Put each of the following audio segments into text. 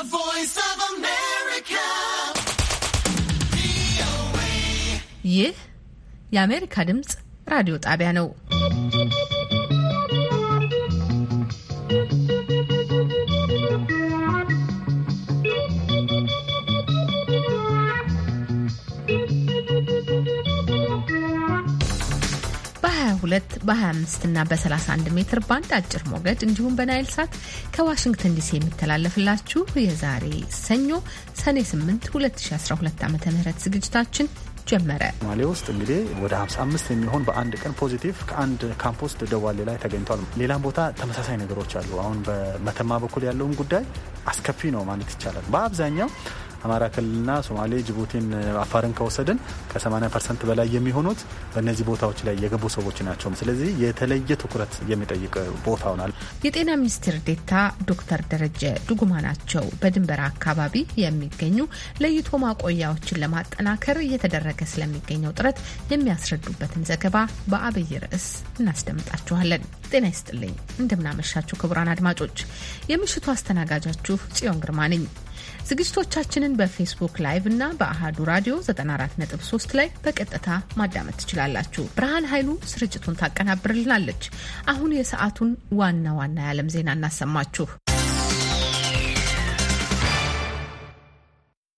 The voice of America. VOA. Yeah. የአሜሪካ ድምፅ radio ጣቢያ ነው። በ በ25 እና በ31 ሜትር ባንድ አጭር ሞገድ እንዲሁም በናይል ሳት ከዋሽንግተን ዲሲ የሚተላለፍላችሁ የዛሬ ሰኞ ሰኔ 8 2012 ዓ ም ዝግጅታችን ጀመረ። ማሌ ውስጥ እንግዲህ ወደ 55 የሚሆን በአንድ ቀን ፖዚቲቭ ከአንድ ካምፖስ ደዋሌ ላይ ተገኝቷል። ሌላም ቦታ ተመሳሳይ ነገሮች አሉ። አሁን በመተማ በኩል ያለውን ጉዳይ አስከፊ ነው ማለት ይቻላል። በአብዛኛው አማራ ክልልና ሶማሌ፣ ጅቡቲን፣ አፋርን ከወሰድን ከ80 ፐርሰንት በላይ የሚሆኑት በእነዚህ ቦታዎች ላይ የገቡ ሰዎች ናቸው። ስለዚህ የተለየ ትኩረት የሚጠይቅ ቦታ ሆናል። የጤና ሚኒስትር ዴታ ዶክተር ደረጀ ዱጉማ ናቸው። በድንበር አካባቢ የሚገኙ ለይቶ ማቆያዎችን ለማጠናከር እየተደረገ ስለሚገኘው ጥረት የሚያስረዱበትን ዘገባ በአብይ ርዕስ እናስደምጣችኋለን። ጤና ይስጥልኝ። እንደምናመሻችሁ ክቡራን አድማጮች፣ የምሽቱ አስተናጋጃችሁ ጽዮን ግርማ ነኝ። ዝግጅቶቻችንን በፌስቡክ ላይቭ እና በአሃዱ ራዲዮ 94.3 ላይ በቀጥታ ማዳመጥ ትችላላችሁ። ብርሃን ኃይሉ ስርጭቱን ታቀናብርልናለች። አሁን የሰዓቱን ዋና ዋና የዓለም ዜና እናሰማችሁ።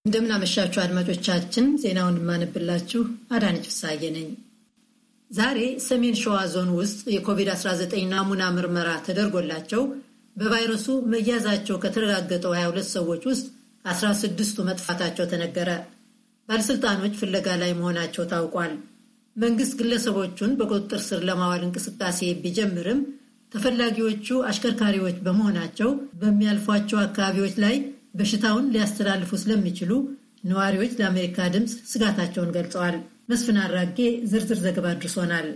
እንደምናመሻችሁ አድማጮቻችን፣ ዜናውን የማነብላችሁ አዳነች ፍሳዬ ነኝ። ዛሬ ሰሜን ሸዋ ዞን ውስጥ የኮቪድ-19 ናሙና ምርመራ ተደርጎላቸው በቫይረሱ መያዛቸው ከተረጋገጠው 22 ሰዎች ውስጥ አስራ ስድስቱ መጥፋታቸው ተነገረ። ባለሥልጣኖች ፍለጋ ላይ መሆናቸው ታውቋል። መንግሥት ግለሰቦቹን በቁጥጥር ስር ለማዋል እንቅስቃሴ ቢጀምርም ተፈላጊዎቹ አሽከርካሪዎች በመሆናቸው በሚያልፏቸው አካባቢዎች ላይ በሽታውን ሊያስተላልፉ ስለሚችሉ ነዋሪዎች ለአሜሪካ ድምፅ ስጋታቸውን ገልጸዋል። መስፍን አራጌ ዝርዝር ዘገባ አድርሶናል።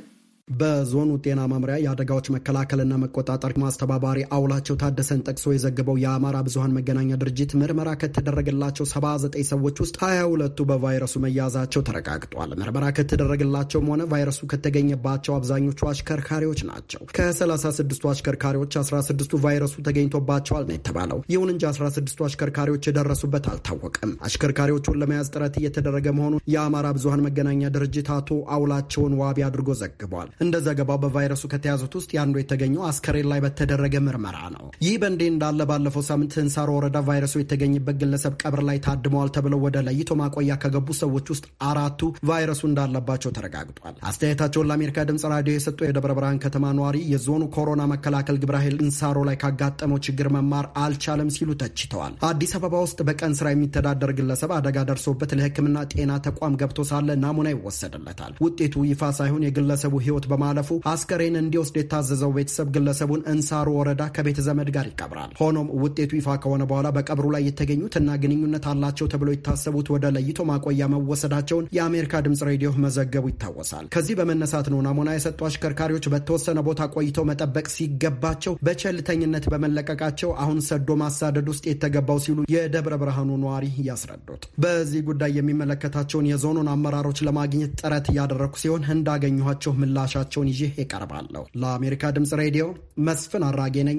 በዞኑ ጤና መምሪያ የአደጋዎች መከላከልና መቆጣጠር ማስተባባሪ አውላቸው ታደሰን ጠቅሶ የዘገበው የአማራ ብዙሀን መገናኛ ድርጅት ምርመራ ከተደረገላቸው 79 ሰዎች ውስጥ 22ቱ በቫይረሱ መያዛቸው ተረጋግጧል። ምርመራ ከተደረገላቸውም ሆነ ቫይረሱ ከተገኘባቸው አብዛኞቹ አሽከርካሪዎች ናቸው። ከ36ቱ አሽከርካሪዎች 16ቱ ቫይረሱ ተገኝቶባቸዋል ነው የተባለው። ይሁን እንጂ 16ቱ አሽከርካሪዎች የደረሱበት አልታወቀም። አሽከርካሪዎቹን ለመያዝ ጥረት እየተደረገ መሆኑን የአማራ ብዙሀን መገናኛ ድርጅት አቶ አውላቸውን ዋቢ አድርጎ ዘግቧል። እንደ ዘገባው በቫይረሱ ከተያዙት ውስጥ የአንዱ የተገኘው አስከሬን ላይ በተደረገ ምርመራ ነው። ይህ በእንዲህ እንዳለ ባለፈው ሳምንት ህንሳሮ ወረዳ ቫይረሱ የተገኝበት ግለሰብ ቀብር ላይ ታድመዋል ተብለው ወደ ለይቶ ማቆያ ከገቡ ሰዎች ውስጥ አራቱ ቫይረሱ እንዳለባቸው ተረጋግጧል። አስተያየታቸውን ለአሜሪካ ድምጽ ራዲዮ የሰጡ የደብረ ብርሃን ከተማ ነዋሪ የዞኑ ኮሮና መከላከል ግብረ ኃይል እንሳሮ ላይ ካጋጠመው ችግር መማር አልቻለም ሲሉ ተችተዋል። አዲስ አበባ ውስጥ በቀን ስራ የሚተዳደር ግለሰብ አደጋ ደርሶበት ለሕክምና ጤና ተቋም ገብቶ ሳለ ናሙና ይወሰድለታል። ውጤቱ ይፋ ሳይሆን የግለሰቡ ህይወት ሕይወት በማለፉ አስከሬን እንዲወስድ የታዘዘው ቤተሰብ ግለሰቡን እንሳሮ ወረዳ ከቤተ ዘመድ ጋር ይቀብራል። ሆኖም ውጤቱ ይፋ ከሆነ በኋላ በቀብሩ ላይ የተገኙትና ግንኙነት አላቸው ተብሎ የታሰቡት ወደ ለይቶ ማቆያ መወሰዳቸውን የአሜሪካ ድምጽ ሬዲዮ መዘገቡ ይታወሳል። ከዚህ በመነሳት ነው ናሙና የሰጡ አሽከርካሪዎች በተወሰነ ቦታ ቆይተው መጠበቅ ሲገባቸው በቸልተኝነት በመለቀቃቸው አሁን ሰዶ ማሳደድ ውስጥ የተገባው ሲሉ የደብረ ብርሃኑ ነዋሪ ያስረዱት። በዚህ ጉዳይ የሚመለከታቸውን የዞኑን አመራሮች ለማግኘት ጥረት እያደረኩ ሲሆን እንዳገኘኋቸው ምላሽ ምላሻቸውን ይዤ ይቀርባለሁ። ለአሜሪካ ድምፅ ሬዲዮ መስፍን አራጌ ነኝ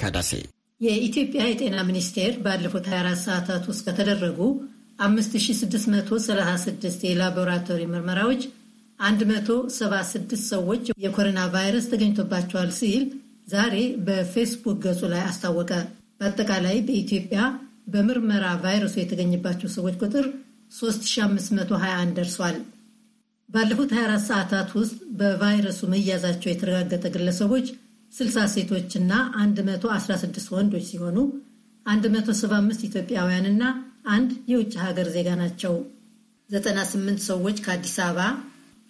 ከደሴ። የኢትዮጵያ የጤና ሚኒስቴር ባለፉት 24 ሰዓታት ውስጥ ከተደረጉ 5636 የላቦራቶሪ ምርመራዎች 176 ሰዎች የኮሮና ቫይረስ ተገኝቶባቸዋል ሲል ዛሬ በፌስቡክ ገጹ ላይ አስታወቀ። በአጠቃላይ በኢትዮጵያ በምርመራ ቫይረሱ የተገኘባቸው ሰዎች ቁጥር 3521 ደርሷል። ባለፉት 24 ሰዓታት ውስጥ በቫይረሱ መያዛቸው የተረጋገጠ ግለሰቦች 60 ሴቶችና 116 ወንዶች ሲሆኑ 175 ኢትዮጵያውያንና አንድ የውጭ ሀገር ዜጋ ናቸው። 98 ሰዎች ከአዲስ አበባ፣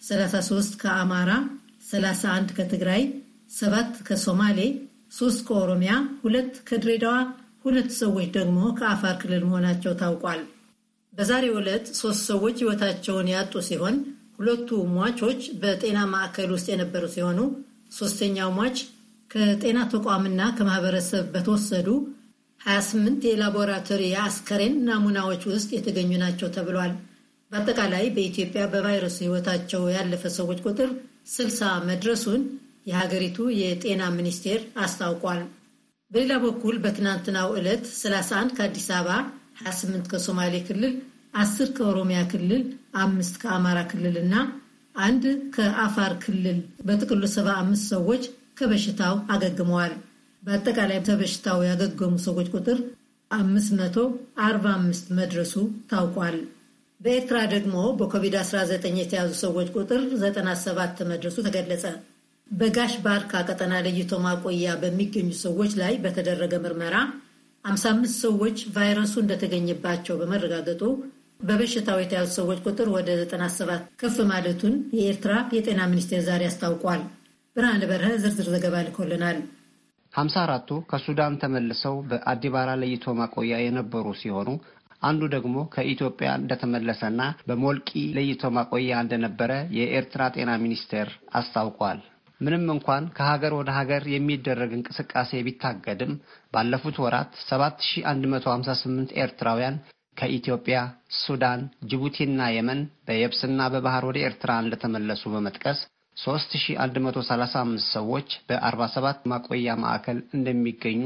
33 ከአማራ፣ 31 ከትግራይ፣ 7 ከሶማሌ፣ 3 ከኦሮሚያ፣ 2 ከድሬዳዋ፣ ሁለት ሰዎች ደግሞ ከአፋር ክልል መሆናቸው ታውቋል። በዛሬው ዕለት ሶስት ሰዎች ሕይወታቸውን ያጡ ሲሆን ሁለቱ ሟቾች በጤና ማዕከል ውስጥ የነበሩ ሲሆኑ ሶስተኛው ሟች ከጤና ተቋምና ከማህበረሰብ በተወሰዱ 28 የላቦራቶሪ የአስከሬን ናሙናዎች ውስጥ የተገኙ ናቸው ተብሏል። በአጠቃላይ በኢትዮጵያ በቫይረሱ ሕይወታቸው ያለፈ ሰዎች ቁጥር 60 መድረሱን የሀገሪቱ የጤና ሚኒስቴር አስታውቋል። በሌላ በኩል በትናንትናው ዕለት 31 ከአዲስ አበባ፣ 28 ከሶማሌ ክልል አስር ከኦሮሚያ ክልል፣ አምስት ከአማራ ክልል እና አንድ ከአፋር ክልል በጥቅሉ ሰባ አምስት ሰዎች ከበሽታው አገግመዋል። በአጠቃላይ ከበሽታው ያገገሙ ሰዎች ቁጥር 545 መድረሱ ታውቋል። በኤርትራ ደግሞ በኮቪድ-19 የተያዙ ሰዎች ቁጥር 97 መድረሱ ተገለጸ። በጋሽ ባርካ ቀጠና ለይቶ ማቆያ በሚገኙ ሰዎች ላይ በተደረገ ምርመራ 55 ሰዎች ቫይረሱ እንደተገኘባቸው በመረጋገጡ በበሽታው የተያዙ ሰዎች ቁጥር ወደ 97 ከፍ ማለቱን የኤርትራ የጤና ሚኒስቴር ዛሬ አስታውቋል። ብርሃን በረሀ ዝርዝር ዘገባ ልኮልናል። ሀምሳ አራቱ ከሱዳን ተመልሰው በአዲባራ ለይቶ ማቆያ የነበሩ ሲሆኑ አንዱ ደግሞ ከኢትዮጵያ እንደተመለሰና በሞልቂ ለይቶ ማቆያ እንደነበረ የኤርትራ ጤና ሚኒስቴር አስታውቋል። ምንም እንኳን ከሀገር ወደ ሀገር የሚደረግ እንቅስቃሴ ቢታገድም ባለፉት ወራት 7158 ኤርትራውያን ከኢትዮጵያ፣ ሱዳን፣ ጅቡቲና የመን በየብስና በባህር ወደ ኤርትራ እንደተመለሱ በመጥቀስ 3135 ሰዎች በ47 ማቆያ ማዕከል እንደሚገኙ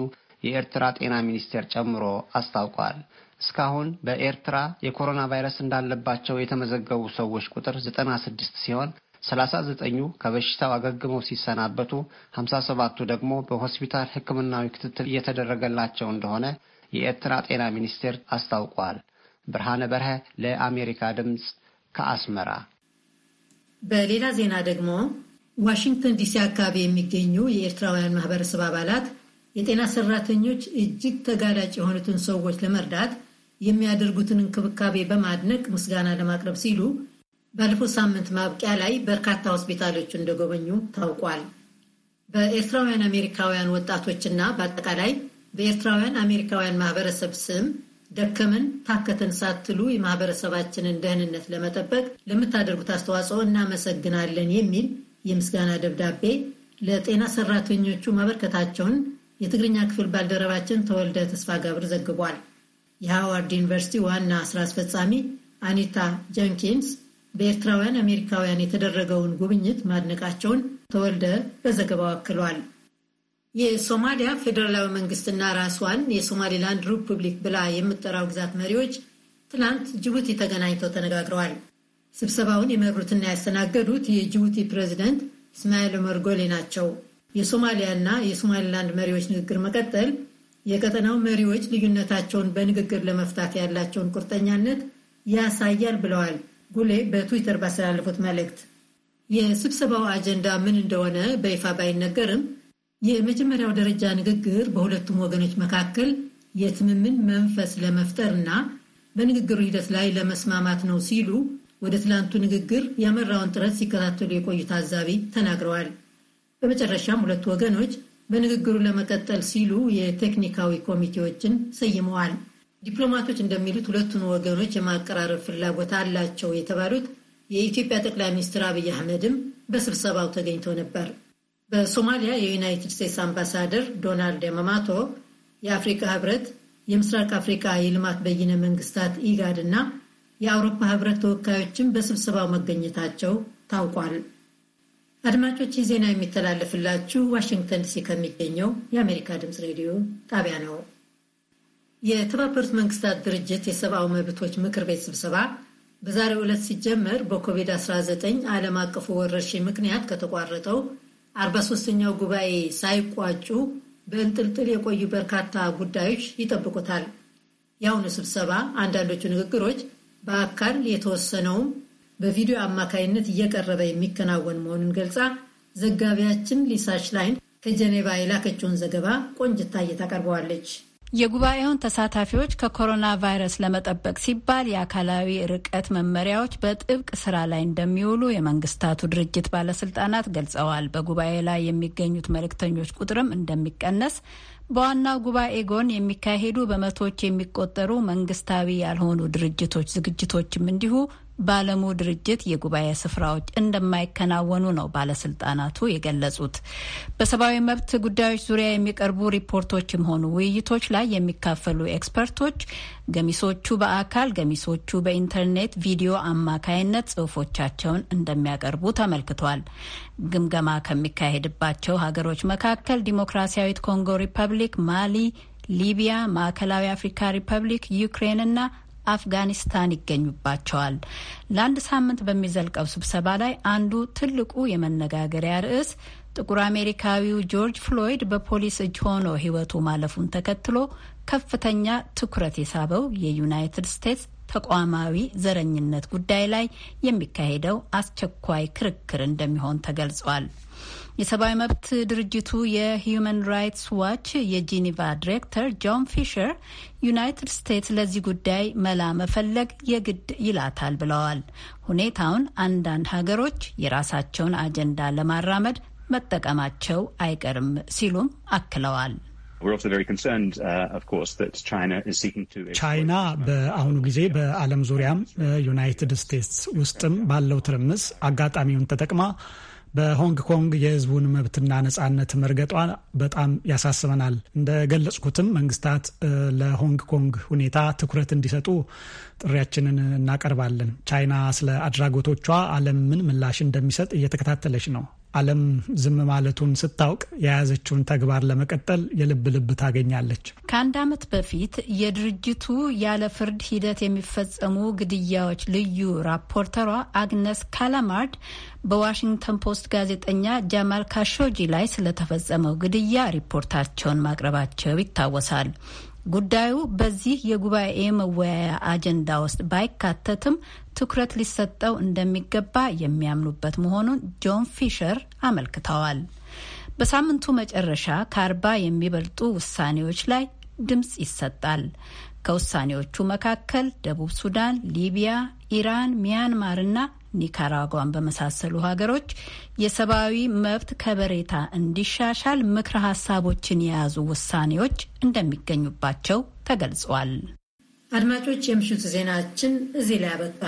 የኤርትራ ጤና ሚኒስቴር ጨምሮ አስታውቋል። እስካሁን በኤርትራ የኮሮና ቫይረስ እንዳለባቸው የተመዘገቡ ሰዎች ቁጥር 96 ሲሆን 39ኙ ከበሽታው አገግመው ሲሰናበቱ 57ቱ ደግሞ በሆስፒታል ሕክምናዊ ክትትል እየተደረገላቸው እንደሆነ የኤርትራ ጤና ሚኒስቴር አስታውቋል። ብርሃነ በርሀ ለአሜሪካ ድምፅ ከአስመራ። በሌላ ዜና ደግሞ ዋሽንግተን ዲሲ አካባቢ የሚገኙ የኤርትራውያን ማህበረሰብ አባላት የጤና ሰራተኞች እጅግ ተጋላጭ የሆኑትን ሰዎች ለመርዳት የሚያደርጉትን እንክብካቤ በማድነቅ ምስጋና ለማቅረብ ሲሉ ባለፈው ሳምንት ማብቂያ ላይ በርካታ ሆስፒታሎች እንደጎበኙ ታውቋል። በኤርትራውያን አሜሪካውያን ወጣቶችና በአጠቃላይ በኤርትራውያን አሜሪካውያን ማህበረሰብ ስም ደከመን ታከተን ሳትሉ የማህበረሰባችንን ደህንነት ለመጠበቅ ለምታደርጉት አስተዋጽኦ እናመሰግናለን የሚል የምስጋና ደብዳቤ ለጤና ሰራተኞቹ ማበርከታቸውን የትግርኛ ክፍል ባልደረባችን ተወልደ ተስፋ ጋብር ዘግቧል። የሃዋርድ ዩኒቨርሲቲ ዋና ስራ አስፈጻሚ አኒታ ጀንኪንስ በኤርትራውያን አሜሪካውያን የተደረገውን ጉብኝት ማድነቃቸውን ተወልደ በዘገባው አክሏል። የሶማሊያ ፌዴራላዊ መንግስትና ራስዋን የሶማሌላንድ ሪፑብሊክ ብላ የምትጠራው ግዛት መሪዎች ትናንት ጅቡቲ ተገናኝተው ተነጋግረዋል። ስብሰባውን የመሩትና ያስተናገዱት የጅቡቲ ፕሬዚደንት እስማኤል ኦመር ጎሌ ናቸው። የሶማሊያና የሶማሌላንድ መሪዎች ንግግር መቀጠል የቀጠናው መሪዎች ልዩነታቸውን በንግግር ለመፍታት ያላቸውን ቁርጠኛነት ያሳያል ብለዋል ጉሌ በትዊተር ባስተላለፉት መልእክት። የስብሰባው አጀንዳ ምን እንደሆነ በይፋ ባይነገርም የመጀመሪያው ደረጃ ንግግር በሁለቱም ወገኖች መካከል የትምምን መንፈስ ለመፍጠር እና በንግግሩ ሂደት ላይ ለመስማማት ነው ሲሉ ወደ ትላንቱ ንግግር ያመራውን ጥረት ሲከታተሉ የቆዩ ታዛቢ ተናግረዋል። በመጨረሻም ሁለቱ ወገኖች በንግግሩ ለመቀጠል ሲሉ የቴክኒካዊ ኮሚቴዎችን ሰይመዋል። ዲፕሎማቶች እንደሚሉት ሁለቱን ወገኖች የማቀራረብ ፍላጎት አላቸው የተባሉት የኢትዮጵያ ጠቅላይ ሚኒስትር አብይ አህመድም በስብሰባው ተገኝተው ነበር። በሶማሊያ የዩናይትድ ስቴትስ አምባሳደር ዶናልድ ያማማቶ የአፍሪካ ህብረት፣ የምስራቅ አፍሪካ የልማት በይነ መንግስታት ኢጋድ እና የአውሮፓ ህብረት ተወካዮችም በስብሰባው መገኘታቸው ታውቋል። አድማጮች ዜና የሚተላለፍላችሁ ዋሽንግተን ዲሲ ከሚገኘው የአሜሪካ ድምፅ ሬዲዮ ጣቢያ ነው። የተባበሩት መንግስታት ድርጅት የሰብአዊ መብቶች ምክር ቤት ስብሰባ በዛሬው ዕለት ሲጀመር በኮቪድ-19 ዓለም አቀፉ ወረርሽኝ ምክንያት ከተቋረጠው 43ኛው ጉባኤ ሳይቋጩ በእንጥልጥል የቆዩ በርካታ ጉዳዮች ይጠብቁታል። የአሁኑ ስብሰባ አንዳንዶቹ ንግግሮች በአካል የተወሰነውም በቪዲዮ አማካይነት እየቀረበ የሚከናወን መሆኑን ገልጻ ዘጋቢያችን ሊሳሽ ላይን ከጀኔቫ የላከችውን ዘገባ ቆንጅታ ታቀርበዋለች። የጉባኤውን ተሳታፊዎች ከኮሮና ቫይረስ ለመጠበቅ ሲባል የአካላዊ ርቀት መመሪያዎች በጥብቅ ስራ ላይ እንደሚውሉ የመንግስታቱ ድርጅት ባለስልጣናት ገልጸዋል። በጉባኤ ላይ የሚገኙት መልእክተኞች ቁጥርም እንደሚቀነስ በዋናው ጉባኤ ጎን የሚካሄዱ በመቶዎች የሚቆጠሩ መንግስታዊ ያልሆኑ ድርጅቶች ዝግጅቶችም እንዲሁ በዓለሙ ድርጅት የጉባኤ ስፍራዎች እንደማይከናወኑ ነው ባለስልጣናቱ የገለጹት። በሰብአዊ መብት ጉዳዮች ዙሪያ የሚቀርቡ ሪፖርቶችም ሆኑ ውይይቶች ላይ የሚካፈሉ ኤክስፐርቶች ገሚሶቹ በአካል ገሚሶቹ በኢንተርኔት ቪዲዮ አማካይነት ጽሁፎቻቸውን እንደሚያቀርቡ ተመልክቷል። ግምገማ ከሚካሄድባቸው ሀገሮች መካከል ዲሞክራሲያዊት ኮንጎ ሪፐብሊክ፣ ማሊ፣ ሊቢያ፣ ማዕከላዊ አፍሪካ ሪፐብሊክ፣ ዩክሬንና አፍጋኒስታን ይገኙባቸዋል። ለአንድ ሳምንት በሚዘልቀው ስብሰባ ላይ አንዱ ትልቁ የመነጋገሪያ ርዕስ ጥቁር አሜሪካዊው ጆርጅ ፍሎይድ በፖሊስ እጅ ሆኖ ሕይወቱ ማለፉን ተከትሎ ከፍተኛ ትኩረት የሳበው የዩናይትድ ስቴትስ ተቋማዊ ዘረኝነት ጉዳይ ላይ የሚካሄደው አስቸኳይ ክርክር እንደሚሆን ተገልጿል። የሰብአዊ መብት ድርጅቱ የሂዩማን ራይትስ ዋች የጂኒቫ ዲሬክተር ጆን ፊሸር ዩናይትድ ስቴትስ ለዚህ ጉዳይ መላ መፈለግ የግድ ይላታል ብለዋል። ሁኔታውን አንዳንድ ሀገሮች የራሳቸውን አጀንዳ ለማራመድ መጠቀማቸው አይቀርም ሲሉም አክለዋል። uh, ቻይና በአሁኑ ጊዜ በዓለም ዙሪያም uh, ዩናይትድ ስቴትስ ውስጥም ባለው ትርምስ አጋጣሚውን ተጠቅማ በሆንግ ኮንግ የህዝቡን መብትና ነጻነት መርገጧ በጣም ያሳስበናል። እንደገለጽኩትም መንግስታት ለሆንግ ኮንግ ሁኔታ ትኩረት እንዲሰጡ ጥሪያችንን እናቀርባለን። ቻይና ስለ አድራጎቶቿ ዓለም ምን ምላሽ እንደሚሰጥ እየተከታተለች ነው። ዓለም ዝም ማለቱን ስታውቅ የያዘችውን ተግባር ለመቀጠል የልብ ልብ ታገኛለች። ከአንድ ዓመት በፊት የድርጅቱ ያለ ፍርድ ሂደት የሚፈጸሙ ግድያዎች ልዩ ራፖርተሯ አግነስ ካላማርድ በዋሽንግተን ፖስት ጋዜጠኛ ጃማል ካሾጂ ላይ ስለተፈጸመው ግድያ ሪፖርታቸውን ማቅረባቸው ይታወሳል። ጉዳዩ በዚህ የጉባኤ መወያያ አጀንዳ ውስጥ ባይካተትም ትኩረት ሊሰጠው እንደሚገባ የሚያምኑበት መሆኑን ጆን ፊሸር አመልክተዋል። በሳምንቱ መጨረሻ ከአርባ የሚበልጡ ውሳኔዎች ላይ ድምፅ ይሰጣል። ከውሳኔዎቹ መካከል ደቡብ ሱዳን፣ ሊቢያ፣ ኢራን፣ ሚያንማርና ኒካራጓን በመሳሰሉ ሀገሮች የሰብአዊ መብት ከበሬታ እንዲሻሻል ምክረ ሀሳቦችን የያዙ ውሳኔዎች እንደሚገኙባቸው ተገልጿል። አድማጮች፣ የምሽቱ ዜናችን እዚህ ላይ አበቃ።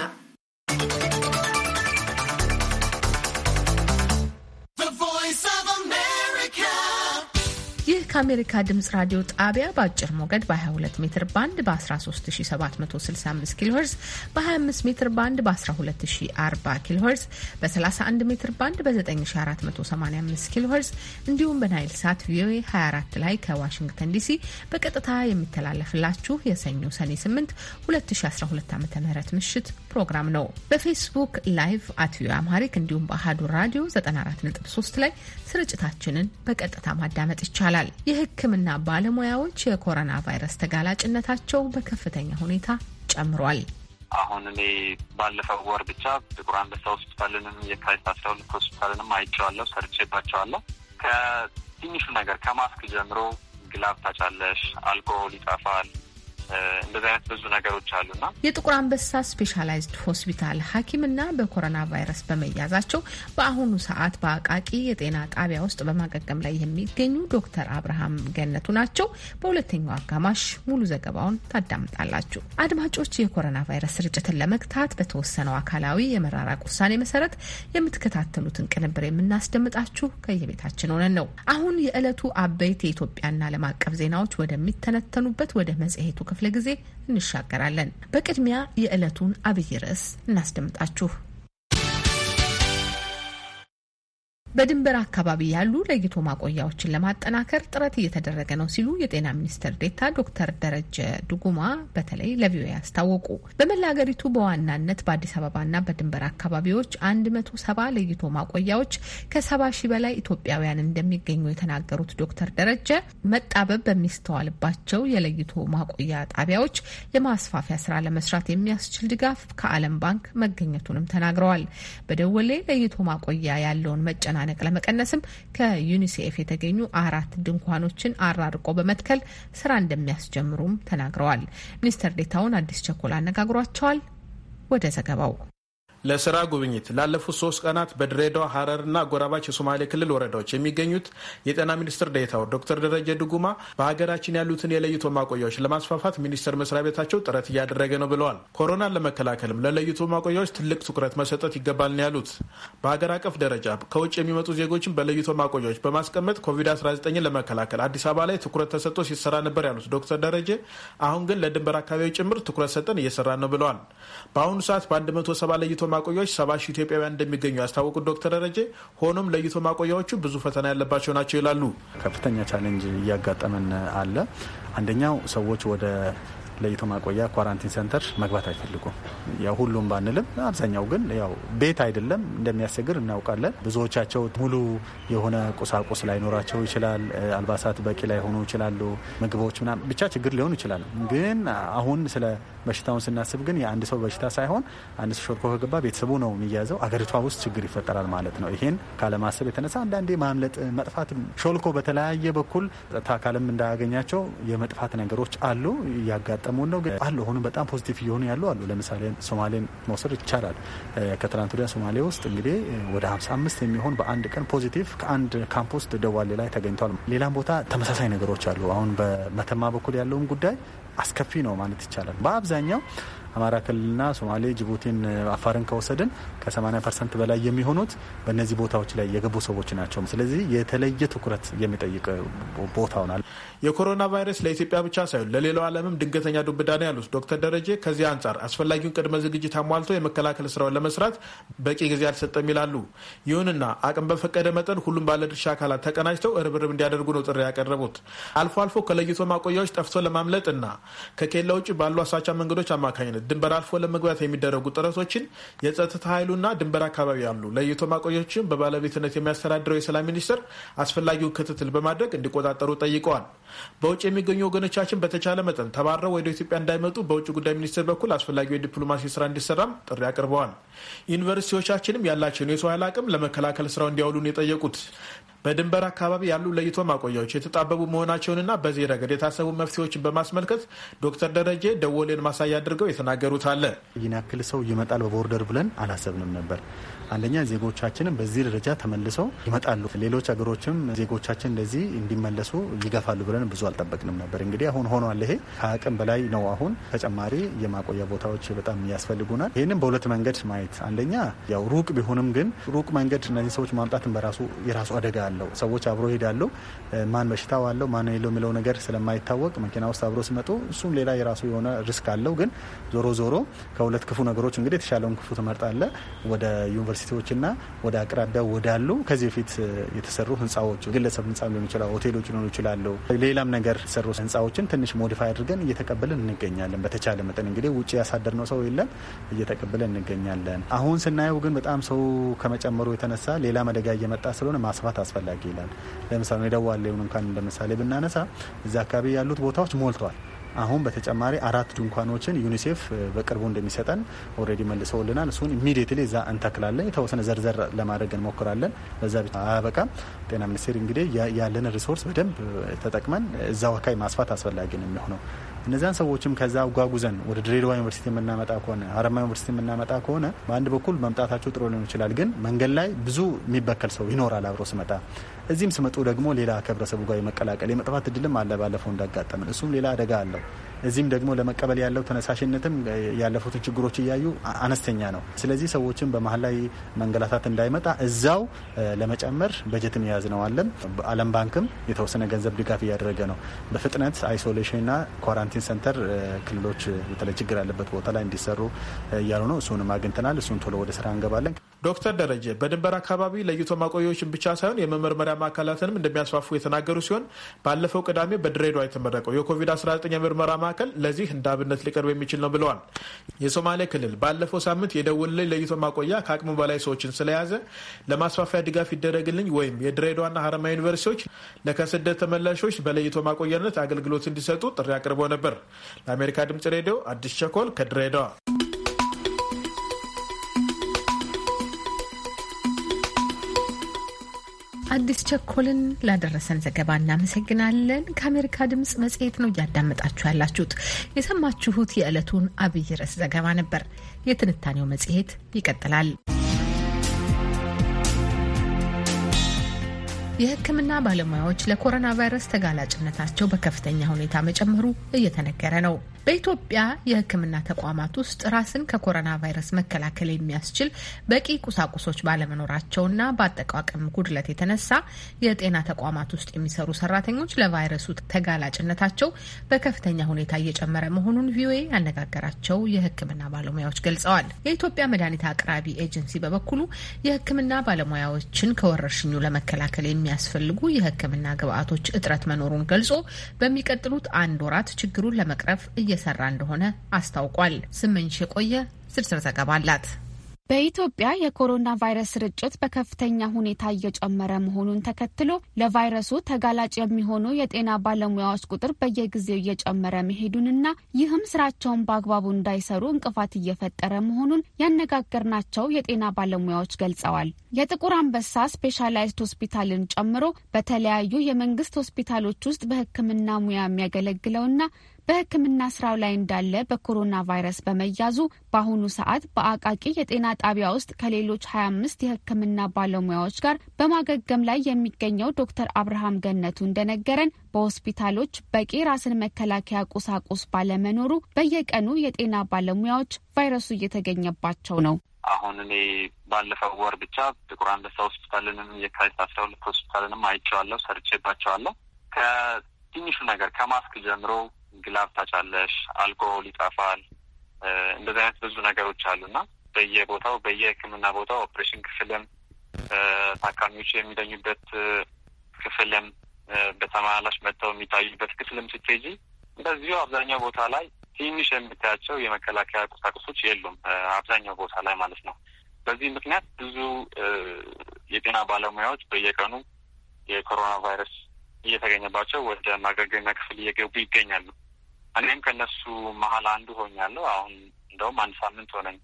ከአሜሪካ ድምጽ ራዲዮ ጣቢያ በአጭር ሞገድ በ22 ሜትር ባንድ በ13765 ኪሎ ሄርዝ በ25 ሜትር ባንድ በ1240 ኪሎ ሄርዝ በ31 ሜትር ባንድ በ9485 ኪሎ ሄርዝ እንዲሁም በናይል ሳት ቪኦኤ 24 ላይ ከዋሽንግተን ዲሲ በቀጥታ የሚተላለፍላችሁ የሰኞ ሰኔ 8 2012 ዓ ም ምሽት ፕሮግራም ነው። በፌስቡክ ላይቭ አት ቪኦኤ አማሪክ እንዲሁም በአህዱ ራዲዮ 943 ላይ ስርጭታችንን በቀጥታ ማዳመጥ ይቻላል። የሕክምና ባለሙያዎች የኮሮና ቫይረስ ተጋላጭነታቸው በከፍተኛ ሁኔታ ጨምሯል። አሁን እኔ ባለፈው ወር ብቻ ጥቁር አንበሳ ሆስፒታልንም የካቲት አስራ ሁለት ሆስፒታልንም አይቼዋለሁ፣ ሰርቼባቸዋለሁ። ከትንሹ ነገር ከማስክ ጀምሮ ግላብ ታጫለሽ፣ አልኮሆል ይጠፋል፣ እንደዚህ አይነት ብዙ ነገሮች አሉና የጥቁር አንበሳ ስፔሻላይዝድ ሆስፒታል ሐኪምና በኮሮና ቫይረስ በመያዛቸው በአሁኑ ሰዓት በአቃቂ የጤና ጣቢያ ውስጥ በማገገም ላይ የሚገኙ ዶክተር አብርሃም ገነቱ ናቸው። በሁለተኛው አጋማሽ ሙሉ ዘገባውን ታዳምጣላችሁ። አድማጮች፣ የኮሮና ቫይረስ ስርጭትን ለመግታት በተወሰነው አካላዊ የመራራቅ ውሳኔ መሰረት የምትከታተሉትን ቅንብር የምናስደምጣችሁ ከየቤታችን ሆነን ነው። አሁን የዕለቱ አበይት የኢትዮጵያና ዓለም አቀፍ ዜናዎች ወደሚተነተኑበት ወደ መጽሔቱ ክፍለ ጊዜ እንሻገራለን። በቅድሚያ የዕለቱን አብይ ርዕስ እናስደምጣችሁ። በድንበር አካባቢ ያሉ ለይቶ ማቆያዎችን ለማጠናከር ጥረት እየተደረገ ነው ሲሉ የጤና ሚኒስትር ዴታ ዶክተር ደረጀ ዱጉማ በተለይ ለቪኦኤ አስታወቁ። በመላ ሀገሪቱ በዋናነት በአዲስ አበባና በድንበር አካባቢዎች 170 ለይቶ ማቆያዎች ከ70 በላይ ኢትዮጵያውያን እንደሚገኙ የተናገሩት ዶክተር ደረጀ መጣበብ በሚስተዋልባቸው የለይቶ ማቆያ ጣቢያዎች የማስፋፊያ ስራ ለመስራት የሚያስችል ድጋፍ ከዓለም ባንክ መገኘቱንም ተናግረዋል። በደወሌ ለይቶ ማቆያ ያለውን መጨና መጨናነቅ ለመቀነስም ከዩኒሴፍ የተገኙ አራት ድንኳኖችን አራርቆ በመትከል ስራ እንደሚያስጀምሩም ተናግረዋል። ሚኒስትር ዴታውን አዲስ ቸኮል አነጋግሯቸዋል። ወደ ዘገባው ለስራ ጉብኝት ላለፉት ሶስት ቀናት በድሬዳዋ ሀረርና ጎራባች የሶማሌ ክልል ወረዳዎች የሚገኙት የጤና ሚኒስትር ዴታው ዶክተር ደረጀ ድጉማ በሀገራችን ያሉትን የለይቶ ማቆያዎች ለማስፋፋት ሚኒስቴር መስሪያ ቤታቸው ጥረት እያደረገ ነው ብለዋል። ኮሮናን ለመከላከልም ለለይቶ ማቆያዎች ትልቅ ትኩረት መሰጠት ይገባል ነው ያሉት። በሀገር አቀፍ ደረጃ ከውጭ የሚመጡ ዜጎችን በለይቶ ማቆያዎች በማስቀመጥ ኮቪድ-19ን ለመከላከል አዲስ አበባ ላይ ትኩረት ተሰጥቶ ሲሰራ ነበር ያሉት ዶክተር ደረጀ አሁን ግን ለድንበር አካባቢዎች ጭምር ትኩረት ሰጠን እየሰራ ነው ብለዋል። በአሁኑ ሰዓት በ170 ለይቶ ማቆያዎች ሰባ ሺህ ኢትዮጵያውያን እንደሚገኙ ያስታወቁት ዶክተር ደረጀ ሆኖም ለይቶ ማቆያዎቹ ብዙ ፈተና ያለባቸው ናቸው ይላሉ። ከፍተኛ ቻሌንጅ እያጋጠመን አለ። አንደኛው ሰዎች ወደ ለይቶ ማቆያ ኳራንቲን ሰንተር መግባት አይፈልጉም። ያው ሁሉም ባንልም አብዛኛው ግን ያው ቤት አይደለም እንደሚያስቸግር እናውቃለን። ብዙዎቻቸው ሙሉ የሆነ ቁሳቁስ ላይኖራቸው ይችላል። አልባሳት በቂ ላይሆኑ ይችላሉ። ምግቦች ምናምን ብቻ ችግር ሊሆኑ ይችላል። ግን አሁን ስለ በሽታውን ስናስብ ግን የአንድ ሰው በሽታ ሳይሆን አንድ ሰው ሾልኮ ከገባ ቤተሰቡ ነው የሚያዘው። አገሪቷ ውስጥ ችግር ይፈጠራል ማለት ነው። ይሄን ካለማሰብ የተነሳ አንዳንዴ ማምለጥ መጥፋት፣ ሾልኮ በተለያየ በኩል ጸጥታ አካልም እንዳያገኛቸው የመጥፋት ነገሮች አሉ እያጋ እየገጠሙን ነው። ግን አሉ አሁንም በጣም ፖዚቲቭ እየሆኑ ያሉ አሉ። ለምሳሌ ሶማሌን መውሰድ ይቻላል። ከትናንት ወዲያ ሶማሌ ውስጥ እንግዲህ ወደ 55 የሚሆን በአንድ ቀን ፖዚቲቭ ከአንድ ካምፕ ውስጥ ደዋሌ ላይ ተገኝቷል። ሌላም ቦታ ተመሳሳይ ነገሮች አሉ። አሁን በመተማ በኩል ያለውን ጉዳይ አስከፊ ነው ማለት ይቻላል። በአብዛኛው አማራ ክልልና ሶማሌ፣ ጅቡቲን፣ አፋርን ከወሰድን ከ80 ፐርሰንት በላይ የሚሆኑት በእነዚህ ቦታዎች ላይ የገቡ ሰዎች ናቸው። ስለዚህ የተለየ ትኩረት የሚጠይቅ ቦታ ሆናል። የኮሮና ቫይረስ ለኢትዮጵያ ብቻ ሳይሆን ለሌላው ዓለምም ድንገተኛ ዱብዳ ነው ያሉት ዶክተር ደረጀ ከዚህ አንጻር አስፈላጊውን ቅድመ ዝግጅት አሟልቶ የመከላከል ስራውን ለመስራት በቂ ጊዜ አልሰጠም ይላሉ። ይሁንና አቅም በፈቀደ መጠን ሁሉም ባለድርሻ አካላት ተቀናጅተው እርብርብ እንዲያደርጉ ነው ጥሪ ያቀረቡት። አልፎ አልፎ ከለይቶ ማቆያዎች ጠፍቶ ለማምለጥ እና ከኬላ ውጭ ባሉ አሳቻ መንገዶች አማካኝነት ድንበር አልፎ ለመግባት የሚደረጉ ጥረቶችን የጸጥታ ኃይሉና ድንበር አካባቢ ያሉ ለይቶ ማቆየቶችን በባለቤትነት የሚያስተዳድረው የሰላም ሚኒስቴር አስፈላጊውን ክትትል በማድረግ እንዲቆጣጠሩ ጠይቀዋል። በውጭ የሚገኙ ወገኖቻችን በተቻለ መጠን ተባረው ወደ ኢትዮጵያ እንዳይመጡ በውጭ ጉዳይ ሚኒስቴር በኩል አስፈላጊው የዲፕሎማሲ ስራ እንዲሰራም ጥሪ አቅርበዋል። ዩኒቨርሲቲዎቻችንም ያላቸውን የሰው ኃይል አቅም ለመከላከል ስራው እንዲያውሉን የጠየቁት በድንበር አካባቢ ያሉ ለይቶ ማቆያዎች የተጣበቡ መሆናቸውንና በዚህ ረገድ የታሰቡ መፍትሄዎችን በማስመልከት ዶክተር ደረጀ ደወሌን ማሳያ አድርገው የተናገሩት አለ። ይህን ያክል ሰው ይመጣል በቦርደር ብለን አላሰብንም ነበር። አንደኛ ዜጎቻችንም በዚህ ደረጃ ተመልሰው ይመጣሉ። ሌሎች ሀገሮችም ዜጎቻችን እንደዚህ እንዲመለሱ ይገፋሉ ብለን ብዙ አልጠበቅንም ነበር። እንግዲህ አሁን ሆኗል። ይሄ ከአቅም በላይ ነው። አሁን ተጨማሪ የማቆያ ቦታዎች በጣም ያስፈልጉናል። ይህንም በሁለት መንገድ ማየት፣ አንደኛ ያው ሩቅ ቢሆንም ግን ሩቅ መንገድ እነዚህ ሰዎች ማምጣትን በራሱ የራሱ አደጋ አለው። ሰዎች አብሮ ይሄዳሉ። ማን በሽታው አለው ማን የለው የሚለው ነገር ስለማይታወቅ መኪና ውስጥ አብሮ ሲመጡ እሱም ሌላ የራሱ የሆነ ሪስክ አለው። ግን ዞሮ ዞሮ ከሁለት ክፉ ነገሮች እንግዲህ የተሻለውን ክፉ ትመርጣለ ወደ ዩኒቨርሲቲዎችና ወደ አቅራቢያው ወዳሉ ከዚህ በፊት የተሰሩ ህንፃዎች ግለሰብ ህንፃ ሊሆን ይችላል፣ ሆቴሎች ሊሆኑ ይችላሉ፣ ሌላም ነገር የተሰሩ ህንፃዎችን ትንሽ ሞዲፋይ አድርገን እየተቀበልን እንገኛለን። በተቻለ መጠን እንግዲህ ውጭ ያሳደር ነው ሰው የለም፣ እየተቀበልን እንገኛለን። አሁን ስናየው ግን በጣም ሰው ከመጨመሩ የተነሳ ሌላ መደጋ እየመጣ ስለሆነ ማስፋት አስፈላጊ ይላል። ለምሳሌ ደዋሌውን እንኳን እንደምሳሌ ብናነሳ እዚ አካባቢ ያሉት ቦታዎች ሞልተዋል። አሁን በተጨማሪ አራት ድንኳኖችን ዩኒሴፍ በቅርቡ እንደሚሰጠን ኦልሬዲ መልሰውልናል። እሱን ኢሚዲየትሊ እዛ እንተክላለን። የተወሰነ ዘርዘር ለማድረግ እንሞክራለን። በዛ ብቻ አያበቃም። ጤና ሚኒስቴር እንግዲህ ያለን ሪሶርስ በደንብ ተጠቅመን እዛው አካባቢ ማስፋት አስፈላጊ ነው የሚሆነው እነዚያን ሰዎችም ከዛ አጓጉዘን ወደ ድሬዳዋ ዩኒቨርሲቲ የምናመጣ ከሆነ አረማ ዩኒቨርሲቲ የምናመጣ ከሆነ በአንድ በኩል መምጣታቸው ጥሩ ሊሆን ይችላል፣ ግን መንገድ ላይ ብዙ የሚበከል ሰው ይኖራል አብሮ ስመጣ እዚህም ስመጡ ደግሞ ሌላ ከህብረተሰቡ ጋር የመቀላቀል የመጥፋት እድልም አለ። ባለፈው እንዳጋጠምን እሱም ሌላ አደጋ አለው። እዚህም ደግሞ ለመቀበል ያለው ተነሳሽነትም ያለፉትን ችግሮች እያዩ አነስተኛ ነው። ስለዚህ ሰዎችን በመሀል ላይ መንገላታት እንዳይመጣ እዛው ለመጨመር በጀትም የያዝ ነው አለን። ዓለም ባንክም የተወሰነ ገንዘብ ድጋፍ እያደረገ ነው። በፍጥነት አይሶሌሽንና ኳራንቲን ሰንተር ክልሎች በተለይ ችግር ያለበት ቦታ ላይ እንዲሰሩ እያሉ ነው። እሱንም አግኝተናል። እሱን ቶሎ ወደ ስራ እንገባለን። ዶክተር ደረጀ በድንበር አካባቢ ለይቶ ማቆያዎችን ብቻ ሳይሆን የመመርመሪያ ማዕከላትንም እንደሚያስፋፉ የተናገሩ ሲሆን ባለፈው ቅዳሜ በድሬዳዋ የተመረቀው የኮቪድ-19 የምርመራ መካከል ለዚህ እንደ አብነት ሊቀርብ የሚችል ነው ብለዋል። የሶማሌ ክልል ባለፈው ሳምንት የደወሌ ለይቶ ማቆያ ከአቅሙ በላይ ሰዎችን ስለያዘ ለማስፋፊያ ድጋፍ ይደረግልኝ ወይም የድሬዳዋና ሀረማ ዩኒቨርሲቲዎች ለከስደት ተመላሾች በለይቶ ማቆያነት አገልግሎት እንዲሰጡ ጥሪ አቅርቦ ነበር። ለአሜሪካ ድምጽ ሬዲዮ አዲስ ቸኮል ከድሬዳዋ አዲስ ቸኮልን ላደረሰን ዘገባ እናመሰግናለን። ከአሜሪካ ድምፅ መጽሔት ነው እያዳመጣችሁ ያላችሁት። የሰማችሁት የዕለቱን አብይ ርዕስ ዘገባ ነበር። የትንታኔው መጽሔት ይቀጥላል። የሕክምና ባለሙያዎች ለኮሮና ቫይረስ ተጋላጭነታቸው በከፍተኛ ሁኔታ መጨመሩ እየተነገረ ነው። በኢትዮጵያ የሕክምና ተቋማት ውስጥ ራስን ከኮሮና ቫይረስ መከላከል የሚያስችል በቂ ቁሳቁሶች ባለመኖራቸውና በአጠቃቀም ጉድለት የተነሳ የጤና ተቋማት ውስጥ የሚሰሩ ሰራተኞች ለቫይረሱ ተጋላጭነታቸው በከፍተኛ ሁኔታ እየጨመረ መሆኑን ቪኦኤ ያነጋገራቸው የሕክምና ባለሙያዎች ገልጸዋል። የኢትዮጵያ መድኃኒት አቅራቢ ኤጀንሲ በበኩሉ የሕክምና ባለሙያዎችን ከወረርሽኙ ለመከላከል የሚያስፈልጉ የሕክምና ግብአቶች እጥረት መኖሩን ገልጾ በሚቀጥሉት አንድ ወራት ችግሩን ለመቅረፍ እየሰራ እንደሆነ አስታውቋል። ስመኝሽ የቆየ ዝርዝር ዘገባ አላት። በኢትዮጵያ የኮሮና ቫይረስ ስርጭት በከፍተኛ ሁኔታ እየጨመረ መሆኑን ተከትሎ ለቫይረሱ ተጋላጭ የሚሆኑ የጤና ባለሙያዎች ቁጥር በየጊዜው እየጨመረ መሄዱንና ይህም ስራቸውን በአግባቡ እንዳይሰሩ እንቅፋት እየፈጠረ መሆኑን ያነጋገርናቸው የጤና ባለሙያዎች ገልጸዋል። የጥቁር አንበሳ ስፔሻላይዝድ ሆስፒታልን ጨምሮ በተለያዩ የመንግስት ሆስፒታሎች ውስጥ በሕክምና ሙያ የሚያገለግለውና በሕክምና ስራው ላይ እንዳለ በኮሮና ቫይረስ በመያዙ በአሁኑ ሰዓት በአቃቂ የጤና ጣቢያ ውስጥ ከሌሎች 25 የሕክምና ባለሙያዎች ጋር በማገገም ላይ የሚገኘው ዶክተር አብርሃም ገነቱ እንደነገረን በሆስፒታሎች በቂ ራስን መከላከያ ቁሳቁስ ባለመኖሩ በየቀኑ የጤና ባለሙያዎች ቫይረሱ እየተገኘባቸው ነው። አሁን እኔ ባለፈው ወር ብቻ ጥቁር አንበሳ ሆስፒታልንም የካቲት አስራ ሁለት ሆስፒታልንም አይቼዋለሁ፣ ሰርቼባቸዋለሁ። ከትንሹ ነገር ከማስክ ጀምሮ ግላብ ታጫለሽ፣ አልኮሆል ይጠፋል። እንደዚህ አይነት ብዙ ነገሮች አሉና በየቦታው በየህክምና ቦታው ኦፕሬሽን ክፍልም ታካሚዎች የሚደኙበት ክፍልም በተመላላሽ መጥተው የሚታዩበት ክፍልም ስትሄጂ እንደዚሁ አብዛኛው ቦታ ላይ ትንሽ የምታያቸው የመከላከያ ቁሳቁሶች የሉም፣ አብዛኛው ቦታ ላይ ማለት ነው። በዚህ ምክንያት ብዙ የጤና ባለሙያዎች በየቀኑ የኮሮና ቫይረስ እየተገኘባቸው ወደ ማገገሚያ ክፍል እየገቡ ይገኛሉ። እኔም ከእነሱ መሀል አንዱ ሆኛለሁ። አሁን እንደውም አንድ ሳምንት ሆነኝ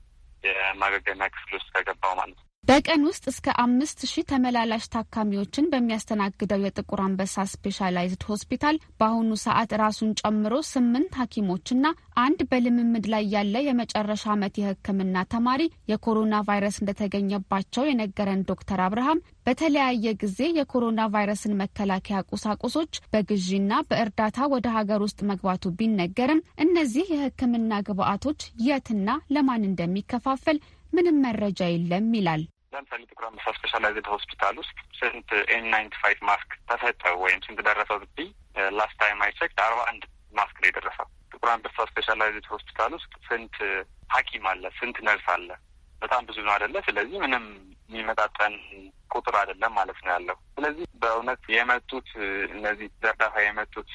የማገገሚያ ክፍል ውስጥ ከገባው ማለት ነው። በቀን ውስጥ እስከ አምስት ሺህ ተመላላሽ ታካሚዎችን በሚያስተናግደው የጥቁር አንበሳ ስፔሻላይዝድ ሆስፒታል በአሁኑ ሰዓት ራሱን ጨምሮ ስምንት ሐኪሞችና አንድ በልምምድ ላይ ያለ የመጨረሻ ዓመት የሕክምና ተማሪ የኮሮና ቫይረስ እንደተገኘባቸው የነገረን ዶክተር አብርሃም በተለያየ ጊዜ የኮሮና ቫይረስን መከላከያ ቁሳቁሶች በግዢና በእርዳታ ወደ ሀገር ውስጥ መግባቱ ቢነገርም እነዚህ የሕክምና ግብዓቶች የትና ለማን እንደሚከፋፈል ምንም መረጃ የለም ይላል። ለምሳሌ ጥቁር አንበሳ ስፔሻላይዝድ ሆስፒታል ውስጥ ስንት ኤን ናይንቲ ፋይቭ ማስክ ተሰጠው ወይም ስንት ደረሰው ብ ላስት ታይም አይቸክ አርባ አንድ ማስክ ነው የደረሰው። ጥቁር አንበሳ ስፔሻላይዝድ ሆስፒታል ውስጥ ስንት ሐኪም አለ? ስንት ነርስ አለ? በጣም ብዙ ነው አደለ? ስለዚህ ምንም የሚመጣጠን ቁጥር አይደለም ማለት ነው ያለው። ስለዚህ በእውነት የመጡት እነዚህ እርዳታ የመጡት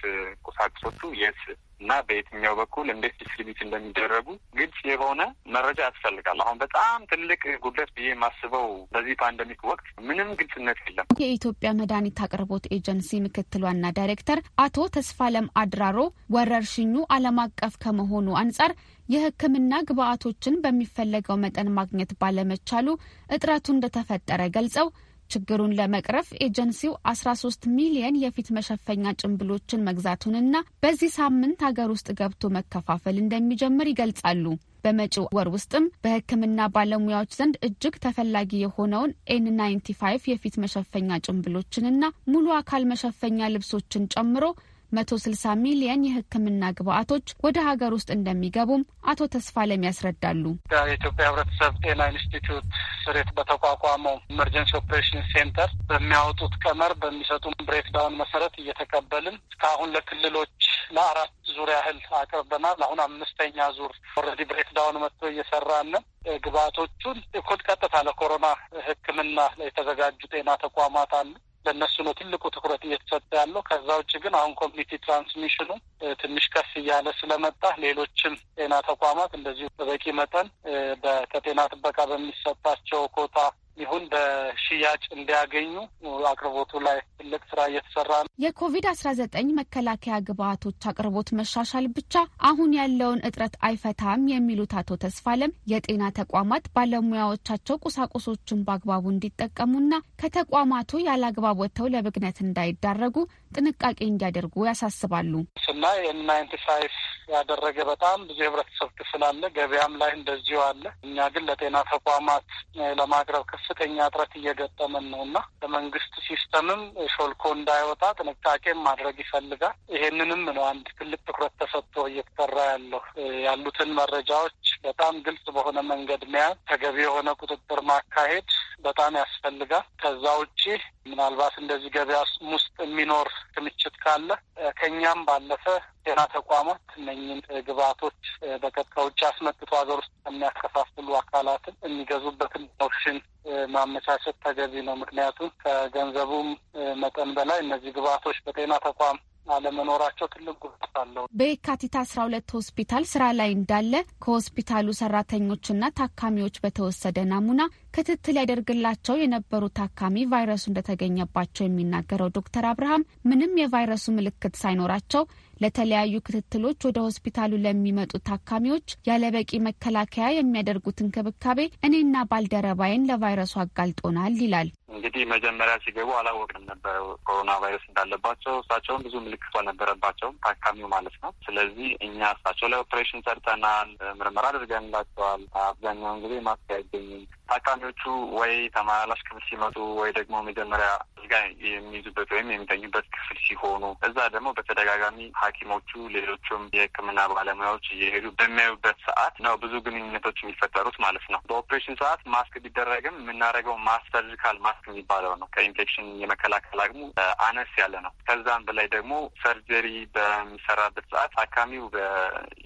ቁሳቁሶቹ የት እና በየትኛው በኩል እንዴት ዲስትሪቢዩት እንደሚደረጉ ግልጽ የሆነ መረጃ ያስፈልጋል። አሁን በጣም ትልቅ ጉድለት ብዬ የማስበው በዚህ ፓንደሚክ ወቅት ምንም ግልጽነት የለም። የኢትዮጵያ መድኃኒት አቅርቦት ኤጀንሲ ምክትል ዋና ዳይሬክተር አቶ ተስፋለም አድራሮ ወረርሽኙ ዓለም አቀፍ ከመሆኑ አንጻር የሕክምና ግብአቶችን በሚፈለገው መጠን ማግኘት ባለመቻሉ እጥረቱ እንደተፈጠረ ገልጸው ችግሩን ለመቅረፍ ኤጀንሲው 13 ሚሊየን የፊት መሸፈኛ ጭንብሎችን መግዛቱንና በዚህ ሳምንት ሀገር ውስጥ ገብቶ መከፋፈል እንደሚጀምር ይገልጻሉ። በመጪው ወር ውስጥም በሕክምና ባለሙያዎች ዘንድ እጅግ ተፈላጊ የሆነውን ኤን 95 የፊት መሸፈኛ ጭንብሎችንና ሙሉ አካል መሸፈኛ ልብሶችን ጨምሮ 160 ሚሊየን የሕክምና ግብአቶች ወደ ሀገር ውስጥ እንደሚገቡም አቶ ተስፋለም ያስረዳሉ። የኢትዮጵያ ሕብረተሰብ ጤና ኢንስቲትዩት ስሬት በተቋቋመው ኤመርጀንሲ ኦፕሬሽን ሴንተር በሚያወጡት ቀመር በሚሰጡን ብሬክዳውን መሰረት እየተቀበልን እስካሁን ለክልሎች ለአራት ዙር ያህል አቅርበናል። አሁን አምስተኛ ዙር ኦልሬዲ ብሬክዳውን መጥቶ እየሰራን ነው። ግብአቶቹን ኮድ ቀጥታ ለኮሮና ሕክምና የተዘጋጁ ጤና ተቋማት አሉ ለእነሱ ነው ትልቁ ትኩረት እየተሰጠ ያለው። ከዛ ውጭ ግን አሁን ኮሚኒቲ ትራንስሚሽኑ ትንሽ ከፍ እያለ ስለመጣ ሌሎችም ጤና ተቋማት እንደዚሁ በበቂ መጠን ከጤና ጥበቃ በሚሰጣቸው ኮታ ይሁን በሽያጭ እንዲያገኙ አቅርቦቱ ላይ ትልቅ ስራ እየተሰራ ነው። የኮቪድ አስራ ዘጠኝ መከላከያ ግብአቶች አቅርቦት መሻሻል ብቻ አሁን ያለውን እጥረት አይፈታም የሚሉት አቶ ተስፋለም የጤና ተቋማት ባለሙያዎቻቸው ቁሳቁሶችን በአግባቡ እንዲጠቀሙና ከተቋማቱ ያለአግባብ ወጥተው ለብግነት እንዳይዳረጉ ጥንቃቄ እንዲያደርጉ ያሳስባሉ እና ኤን ናይንቲ ፋይቭ ያደረገ በጣም ብዙ የህብረተሰብ ክፍል አለ። ገበያም ላይ እንደዚሁ አለ። እኛ ግን ለጤና ተቋማት ለማቅረብ ከፍተኛ እጥረት እየገጠመን ነው እና ለመንግስት ሲስተምም ሾልኮ እንዳይወጣ ጥንቃቄም ማድረግ ይፈልጋል። ይሄንንም ነው አንድ ትልቅ ትኩረት ተሰጥቶ እየተሰራ ያለው። ያሉትን መረጃዎች በጣም ግልጽ በሆነ መንገድ መያዝ፣ ተገቢ የሆነ ቁጥጥር ማካሄድ በጣም ያስፈልጋል። ከዛ ውጪ ምናልባት እንደዚህ ገበያ ውስጥ የሚኖር ክምችት ካለ ከኛም ባለፈ ጤና ተቋማት እነኝን ግብአቶች በቀጥታ ውጭ አስመጥቶ ሀገር ውስጥ የሚያከፋፍሉ አካላትን የሚገዙበትን ኦፕሽን ማመቻቸት ተገቢ ነው። ምክንያቱም ከገንዘቡም መጠን በላይ እነዚህ ግብአቶች በጤና ተቋም አለመኖራቸው ትልቅ ጉዳት አለው። በየካቲት አስራ ሁለት ሆስፒታል ስራ ላይ እንዳለ ከሆስፒታሉ ሰራተኞችና ታካሚዎች በተወሰደ ናሙና ክትትል ያደርግላቸው የነበሩ ታካሚ ቫይረሱ እንደተገኘባቸው የሚናገረው ዶክተር አብርሃም ምንም የቫይረሱ ምልክት ሳይኖራቸው ለተለያዩ ክትትሎች ወደ ሆስፒታሉ ለሚመጡ ታካሚዎች ያለበቂ መከላከያ የሚያደርጉት እንክብካቤ እኔና ባልደረባይን ለቫይረሱ አጋልጦናል ይላል። እንግዲህ መጀመሪያ ሲገቡ አላወቅም ነበረ ኮሮና ቫይረስ እንዳለባቸው። እሳቸውም ብዙ ምልክቱ አልነበረባቸውም፣ ታካሚው ማለት ነው። ስለዚህ እኛ እሳቸው ላይ ኦፕሬሽን ሰርተናል፣ ምርመራ አድርገንላቸዋል። አብዛኛውን ጊዜ ማስክ አይገኝም ታካሚዎቹ ወይ ተመላላሽ ክፍል ሲመጡ ወይ ደግሞ መጀመሪያ እዚጋ የሚይዙበት ወይም የሚተኙበት ክፍል ሲሆኑ እዛ ደግሞ በተደጋጋሚ ሐኪሞቹ ሌሎቹም የሕክምና ባለሙያዎች እየሄዱ በሚያዩበት ሰዓት ነው ብዙ ግንኙነቶች የሚፈጠሩት ማለት ነው። በኦፕሬሽን ሰዓት ማስክ ቢደረግም የምናደርገው ማስ ሰርጂካል ማስክ የሚባለው ነው። ከኢንፌክሽን የመከላከል አቅሙ አነስ ያለ ነው። ከዛም በላይ ደግሞ ሰርጀሪ በሚሰራበት ሰዓት ታካሚው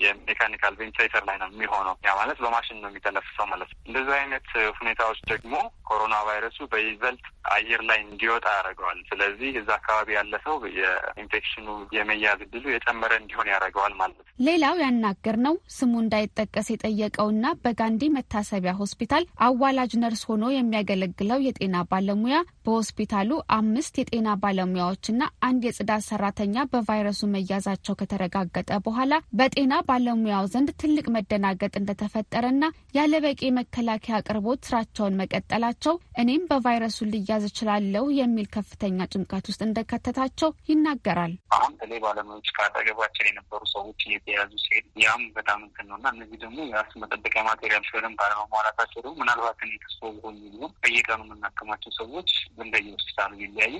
የሜካኒካል ቬንቲሌተር ላይ ነው የሚሆነው። ያ ማለት በማሽን ነው የሚተነፍሰው ማለት ነው። እንደዚህ አይነት ሁኔታዎች ደግሞ ኮሮና ቫይረሱ በይበልጥ አየር ላይ እንዲወጣ ያደርገዋል። ስለዚህ እዛ አካባቢ ያለ ሰው የኢንፌክሽኑ የመያዝ እድሉ የጨመረ እንዲሆን ያደርገዋል ማለት ነው። ሌላው ያናገር ነው ስሙ እንዳይጠቀስ የጠየቀውና በጋንዲ መታሰቢያ ሆስፒታል አዋላጅ ነርስ ሆኖ የሚያገለግለው የጤና ባለሙያ በሆስፒታሉ አምስት የጤና ባለሙያዎችና አንድ የጽዳት ሰራተኛ በቫይረሱ መያዛቸው ከተረጋገጠ በኋላ በጤና ባለሙያው ዘንድ ትልቅ መደናገጥ እንደተፈጠረና ያለበቂ መከላከያ አቅርቦት ተቋማት ስራቸውን መቀጠላቸው እኔም በቫይረሱ ልያዝ እችላለሁ የሚል ከፍተኛ ጭንቀት ውስጥ እንደከተታቸው ይናገራል። አሁን በተለይ ባለሙያዎች ከአጠገባችን የነበሩ ሰዎች እየተያዙ ሲሄድ ያም በጣም እንትን ነው እና እነዚህ ደግሞ የራስ መጠበቂያ ማቴሪያል ሸርን ባለመሟላታቸው ደግሞ ምናልባት እኔ ተስፎ ሆኝ ቢሆን በየቀኑ የምናከማቸው ሰዎች እንደየሆስፒታሉ ይለያዩ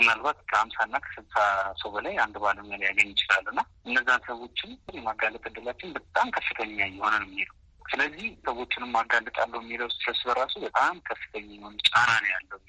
ምናልባት ከሀምሳና ከስልሳ ሰው በላይ አንድ ባለሙያ ሊያገኝ ይችላል እና እነዛን ሰዎችም የማጋለጥ እድላችን በጣም ከፍተኛ እየሆነ ነው የሚሄደው። ስለዚህ ሰዎችንም አጋልጣለሁ የሚለው ስትረስ በራሱ በጣም ከፍተኛ የሆነ ጫና ነው ያለው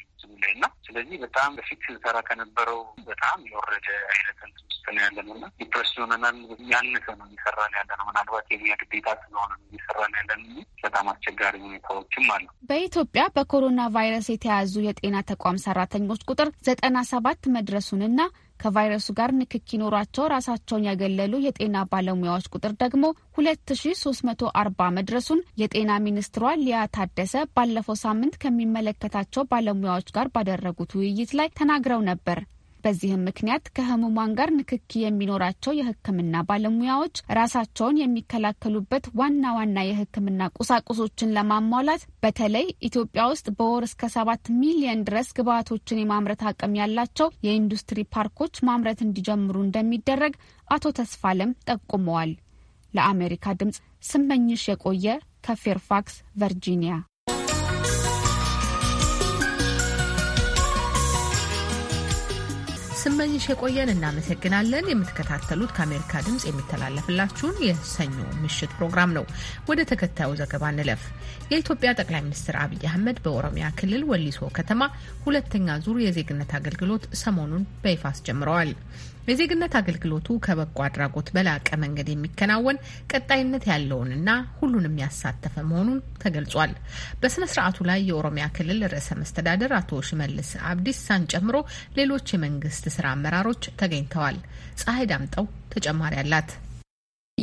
ላይ እና ስለዚህ በጣም በፊት ስንሰራ ከነበረው በጣም የወረደ አይነት ውስጥ ነው ያለ ነው እና ዲፕሬስድ ሆነናል። ያነሰ ነው እየሰራ ነው ያለ ነው። ምናልባት የሚያ ግዴታ ስለሆነ እየሰራ ነው ያለ ነው። በጣም አስቸጋሪ ሁኔታዎችም አሉ። በኢትዮጵያ በኮሮና ቫይረስ የተያዙ የጤና ተቋም ሰራተኞች ቁጥር ዘጠና ሰባት መድረሱን መድረሱንና ከቫይረሱ ጋር ንክኪ ኖሯቸው ራሳቸውን ያገለሉ የጤና ባለሙያዎች ቁጥር ደግሞ 2340 መድረሱን የጤና ሚኒስትሯ ሊያ ታደሰ ባለፈው ሳምንት ከሚመለከታቸው ባለሙያዎች ጋር ባደረጉት ውይይት ላይ ተናግረው ነበር። በዚህም ምክንያት ከህሙማን ጋር ንክኪ የሚኖራቸው የህክምና ባለሙያዎች ራሳቸውን የሚከላከሉበት ዋና ዋና የህክምና ቁሳቁሶችን ለማሟላት በተለይ ኢትዮጵያ ውስጥ በወር እስከ ሰባት ሚሊየን ድረስ ግብዓቶችን የማምረት አቅም ያላቸው የኢንዱስትሪ ፓርኮች ማምረት እንዲጀምሩ እንደሚደረግ አቶ ተስፋለም ጠቁመዋል። ለአሜሪካ ድምጽ ስመኝሽ የቆየ ከፌርፋክስ ቨርጂኒያ ስመኝሽ የቆየን እናመሰግናለን። የምትከታተሉት ከአሜሪካ ድምፅ የሚተላለፍላችሁን የሰኞ ምሽት ፕሮግራም ነው። ወደ ተከታዩ ዘገባ እንለፍ። የኢትዮጵያ ጠቅላይ ሚኒስትር አብይ አህመድ በኦሮሚያ ክልል ወሊሶ ከተማ ሁለተኛ ዙር የዜግነት አገልግሎት ሰሞኑን በይፋ አስጀምረዋል። የዜግነት አገልግሎቱ ከበጎ አድራጎት በላቀ መንገድ የሚከናወን ቀጣይነት ያለውንና ሁሉንም ያሳተፈ መሆኑን ተገልጿል። በስነ ስርዓቱ ላይ የኦሮሚያ ክልል ርዕሰ መስተዳደር አቶ ሽመልስ አብዲሳን ጨምሮ ሌሎች የመንግስት ስራ አመራሮች ተገኝተዋል። ፀሐይ ዳምጠው ተጨማሪ አላት።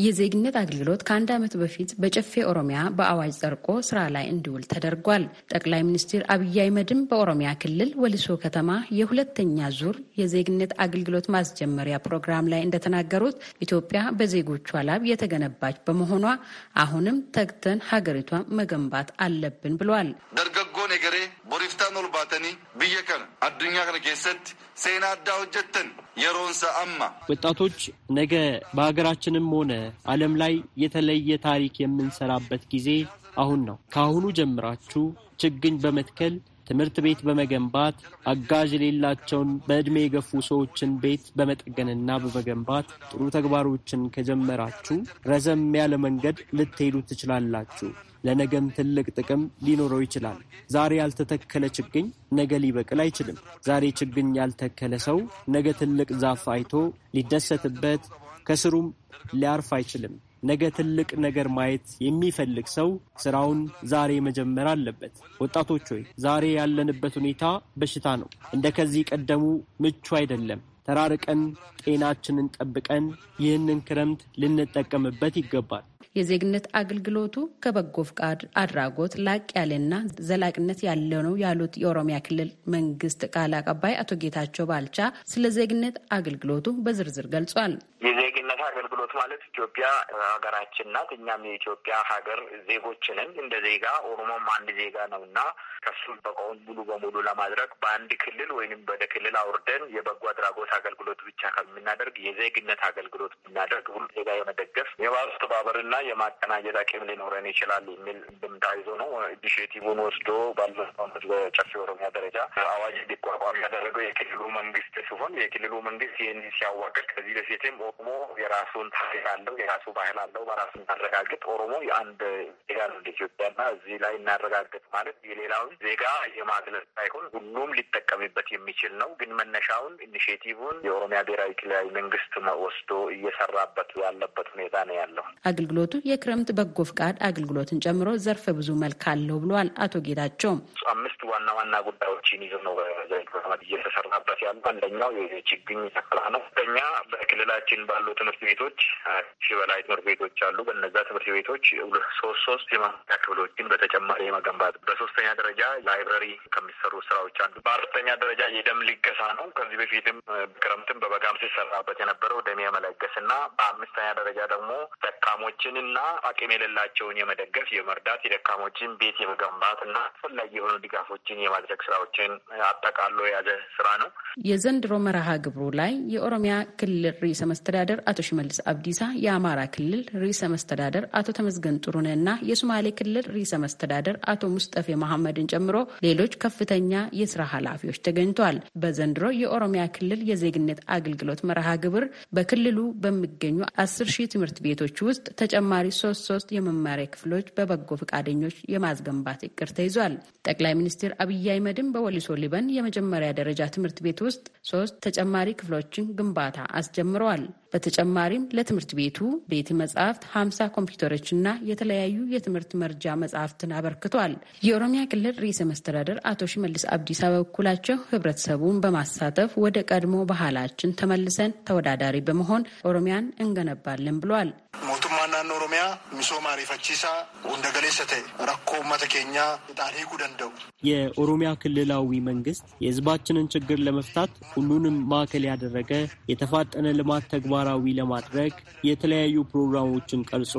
የዜግነት አገልግሎት ከአንድ ዓመት በፊት በጨፌ ኦሮሚያ በአዋጅ ጸድቆ ስራ ላይ እንዲውል ተደርጓል። ጠቅላይ ሚኒስትር አብይ አህመድም በኦሮሚያ ክልል ወሊሶ ከተማ የሁለተኛ ዙር የዜግነት አገልግሎት ማስጀመሪያ ፕሮግራም ላይ እንደተናገሩት ኢትዮጵያ በዜጎቿ ላብ የተገነባች በመሆኗ አሁንም ተግተን ሀገሪቷን መገንባት አለብን ብሏል። ደርገጎ ነገሬ boriftaan baatanii biyya kana addunyaa kana keessatti seenaa addaa hojjetan yeroonsa amma ወጣቶች ነገ በሀገራችንም ሆነ ዓለም ላይ የተለየ ታሪክ የምንሰራበት ጊዜ አሁን ነው። ከአሁኑ ጀምራችሁ ችግኝ በመትከል ትምህርት ቤት በመገንባት አጋዥ የሌላቸውን በዕድሜ የገፉ ሰዎችን ቤት በመጠገንና በመገንባት ጥሩ ተግባሮችን ከጀመራችሁ ረዘም ያለ መንገድ ልትሄዱ ትችላላችሁ። ለነገም ትልቅ ጥቅም ሊኖረው ይችላል። ዛሬ ያልተተከለ ችግኝ ነገ ሊበቅል አይችልም። ዛሬ ችግኝ ያልተከለ ሰው ነገ ትልቅ ዛፍ አይቶ ሊደሰትበት ከስሩም ሊያርፍ አይችልም። ነገ ትልቅ ነገር ማየት የሚፈልግ ሰው ስራውን ዛሬ መጀመር አለበት። ወጣቶች ሆይ ዛሬ ያለንበት ሁኔታ በሽታ ነው። እንደ ከዚህ ቀደሙ ምቹ አይደለም። ተራርቀን ጤናችንን ጠብቀን ይህንን ክረምት ልንጠቀምበት ይገባል። የዜግነት አገልግሎቱ ከበጎ ፍቃድ አድራጎት ላቅ ያለና ዘላቂነት ያለው ነው ያሉት የኦሮሚያ ክልል መንግስት ቃል አቀባይ አቶ ጌታቸው ባልቻ ስለ ዜግነት አገልግሎቱ በዝርዝር ገልጿል። አገልግሎት ማለት ኢትዮጵያ ሀገራችን ናት። እኛም የኢትዮጵያ ሀገር ዜጎች ነን። እንደ ዜጋ ኦሮሞም አንድ ዜጋ ነው እና ከሱ በቃውን ሙሉ በሙሉ ለማድረግ በአንድ ክልል ወይንም ወደ ክልል አውርደን የበጎ አድራጎት አገልግሎት ብቻ ከምናደርግ የዜግነት አገልግሎት ብናደርግ ሁሉ ዜጋ የመደገፍ የማስተባበርና የማቀናጀት አቅም ሊኖረን ይችላል የሚል ድምታ ይዞ ነው ኢኒሽቲቭን ወስዶ ባለፈው ዓመት በጨፌ ኦሮሚያ ደረጃ አዋጅ እንዲቋቋም ያደረገው የክልሉ መንግስት ሲሆን የክልሉ መንግስት ይህን ሲያዋቅር ከዚህ በፊትም ኦሮሞ የራ የራሱን ታሪክ አለው፣ የራሱ ባህል አለው። በራሱ እናረጋግጥ። ኦሮሞ የአንድ ዜጋ ነው እንደ ኢትዮጵያና እዚህ ላይ እናረጋግጥ ማለት የሌላውን ዜጋ የማግለጽ ሳይሆን ሁሉም ሊጠቀምበት የሚችል ነው። ግን መነሻውን ኢኒሽቲቭን የኦሮሚያ ብሔራዊ ክልላዊ መንግስት ወስዶ እየሰራበት ያለበት ሁኔታ ነው ያለው። አገልግሎቱ የክረምት በጎ ፍቃድ አገልግሎትን ጨምሮ ዘርፈ ብዙ መልክ አለው ብለዋል አቶ ጌታቸው። አምስት ዋና ዋና ጉዳዮችን ይዞ ነው እየተሰራበት ያለው። አንደኛው የችግኝ ተከላ ነው። ሁለተኛ በክልላችን ባሉ ትምህርት ቤቶች ሺህ በላይ ትምህርት ቤቶች አሉ። በነዛ ትምህርት ቤቶች ሶስት ሶስት የማፍያ ክፍሎችን በተጨማሪ የመገንባት በሶስተኛ ደረጃ ላይብረሪ ከሚሰሩ ስራዎች አንዱ፣ በአራተኛ ደረጃ የደም ልገሳ ነው። ከዚህ በፊትም ክረምትም በበጋም ሲሰራበት የነበረው ደም የመለገስ እና በአምስተኛ ደረጃ ደግሞ ደካሞችን እና አቅም የሌላቸውን የመደገፍ የመርዳት፣ የደካሞችን ቤት የመገንባት እና አስፈላጊ የሆኑ ድጋፎችን የማድረግ ስራዎችን አጠቃሎ የያዘ ስራ ነው። የዘንድሮ መርሃ ግብሩ ላይ የኦሮሚያ ክልል ርዕሰ መስተዳደር አቶ ሽመ ሽመልስ አብዲሳ የአማራ ክልል ርዕሰ መስተዳደር አቶ ተመስገን ና የሶማሌ ክልል ርዕሰ መስተዳደር አቶ ሙስጠፌ መሐመድን ጨምሮ ሌሎች ከፍተኛ የስራ ኃላፊዎች ተገኝተዋል። በዘንድሮ የኦሮሚያ ክልል የዜግነት አገልግሎት መርሃ ግብር በክልሉ በሚገኙ አስር ሺህ ትምህርት ቤቶች ውስጥ ተጨማሪ ሶስት ሶስት የመማሪያ ክፍሎች በበጎ ፈቃደኞች የማስገንባት እቅድ ተይዟል። ጠቅላይ ሚኒስትር አብይ አህመድም በወሊሶ ሊበን የመጀመሪያ ደረጃ ትምህርት ቤት ውስጥ ሶስት ተጨማሪ ክፍሎችን ግንባታ አስጀምረዋል። በተጨማሪም ለትምህርት ቤቱ ቤተ መጻሕፍት ሀምሳ ኮምፒውተሮችና የተለያዩ የትምህርት መርጃ መጽሐፍትን አበርክቷል። የኦሮሚያ ክልል ርዕሰ መስተዳደር አቶ ሽመልስ አብዲሳ በበኩላቸው ህብረተሰቡን በማሳተፍ ወደ ቀድሞ ባህላችን ተመልሰን ተወዳዳሪ በመሆን ኦሮሚያን እንገነባለን ብሏል። mootummaa naannoo oromiyaa misooma ariifachiisaa ወንደገሌሰ ta'e rakkoo uummata keenyaa ixaan hiikuu danda'u. የኦሮሚያ ክልላዊ መንግስት የህዝባችንን ችግር ለመፍታት ሁሉንም ማዕከል ያደረገ የተፋጠነ ልማት ተግባራዊ ለማድረግ የተለያዩ ፕሮግራሞችን ቀርጾ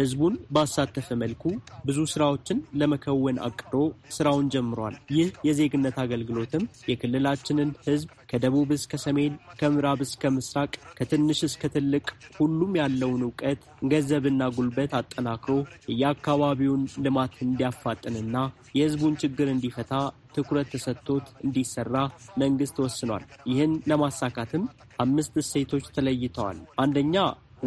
ህዝቡን ባሳተፈ መልኩ ብዙ ስራዎችን ለመከወን አቅዶ ስራውን ጀምሯል። ይህ የዜግነት አገልግሎትም የክልላችንን ህዝብ ከደቡብ እስከ ሰሜን፣ ከምዕራብ እስከ ምስራቅ፣ ከትንሽ እስከ ትልቅ ሁሉም ያለውን እውቀት፣ ገንዘብና ጉልበት አጠናክሮ የአካባቢውን ልማት እንዲያፋጥንና የሕዝቡን ችግር እንዲፈታ ትኩረት ተሰጥቶት እንዲሰራ መንግስት ወስኗል። ይህን ለማሳካትም አምስት እሴቶች ተለይተዋል። አንደኛ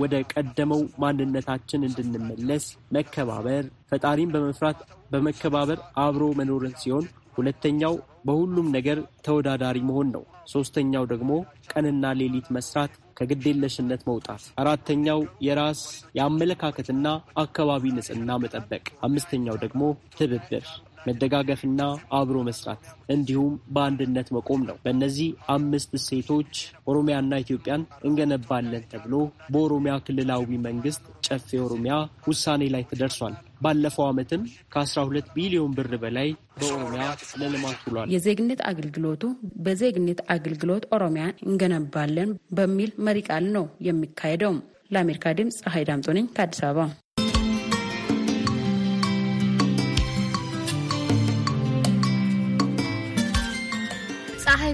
ወደ ቀደመው ማንነታችን እንድንመለስ መከባበር፣ ፈጣሪን በመፍራት በመከባበር አብሮ መኖርን ሲሆን ሁለተኛው በሁሉም ነገር ተወዳዳሪ መሆን ነው። ሶስተኛው ደግሞ ቀንና ሌሊት መስራት፣ ከግዴለሽነት መውጣት። አራተኛው የራስ የአመለካከትና አካባቢ ንጽህና መጠበቅ። አምስተኛው ደግሞ ትብብር መደጋገፍና አብሮ መስራት እንዲሁም በአንድነት መቆም ነው። በእነዚህ አምስት እሴቶች ኦሮሚያና ኢትዮጵያን እንገነባለን ተብሎ በኦሮሚያ ክልላዊ መንግስት ጨፌ ኦሮሚያ ውሳኔ ላይ ተደርሷል። ባለፈው ዓመትም ከ12 ቢሊዮን ብር በላይ በኦሮሚያ ለልማት ውሏል። የዜግነት አገልግሎቱ በዜግነት አገልግሎት ኦሮሚያን እንገነባለን በሚል መሪ ቃል ነው የሚካሄደው። ለአሜሪካ ድምፅ ፀሐይ ዳምጦ ነኝ ከአዲስ አበባ።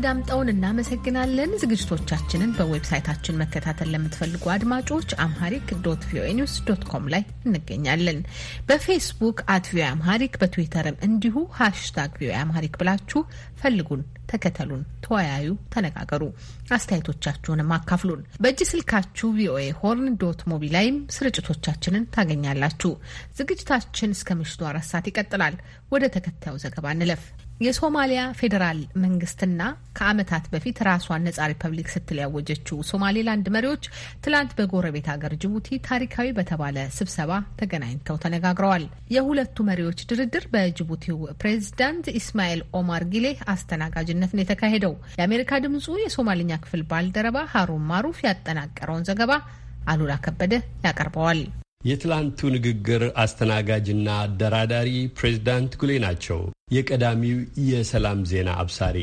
ዳምጠውን እናመሰግናለን። ዝግጅቶቻችንን በዌብሳይታችን መከታተል ለምትፈልጉ አድማጮች አምሃሪክ ዶት ቪኦኤ ኒውስ ዶት ኮም ላይ እንገኛለን። በፌስቡክ አት ቪኦኤ አምሃሪክ፣ በትዊተርም እንዲሁ ሃሽታግ ቪኦኤ አምሃሪክ ብላችሁ ፈልጉን፣ ተከተሉን፣ ተወያዩ፣ ተነጋገሩ፣ አስተያየቶቻችሁንም አካፍሉን። በእጅ ስልካችሁ ቪኦኤ ሆርን ዶት ሞቢ ላይም ስርጭቶቻችንን ታገኛላችሁ። ዝግጅታችን እስከ ምሽቱ አራት ሰዓት ይቀጥላል። ወደ ተከታዩ ዘገባ እንለፍ። የሶማሊያ ፌዴራል መንግስትና ከዓመታት በፊት ራሷን ነጻ ሪፐብሊክ ስትል ያወጀችው ሶማሌላንድ መሪዎች ትላንት በጎረቤት ሀገር ጅቡቲ ታሪካዊ በተባለ ስብሰባ ተገናኝተው ተነጋግረዋል። የሁለቱ መሪዎች ድርድር በጅቡቲው ፕሬዚዳንት ኢስማኤል ኦማር ጊሌ አስተናጋጅነት ነው የተካሄደው። የአሜሪካ ድምጹ የሶማልኛ ክፍል ባልደረባ ሀሩን ማሩፍ ያጠናቀረውን ዘገባ አሉላ ከበደ ያቀርበዋል። የትላንቱ ንግግር አስተናጋጅና አደራዳሪ ፕሬዚዳንት ጉሌ ናቸው። የቀዳሚው የሰላም ዜና አብሳሪ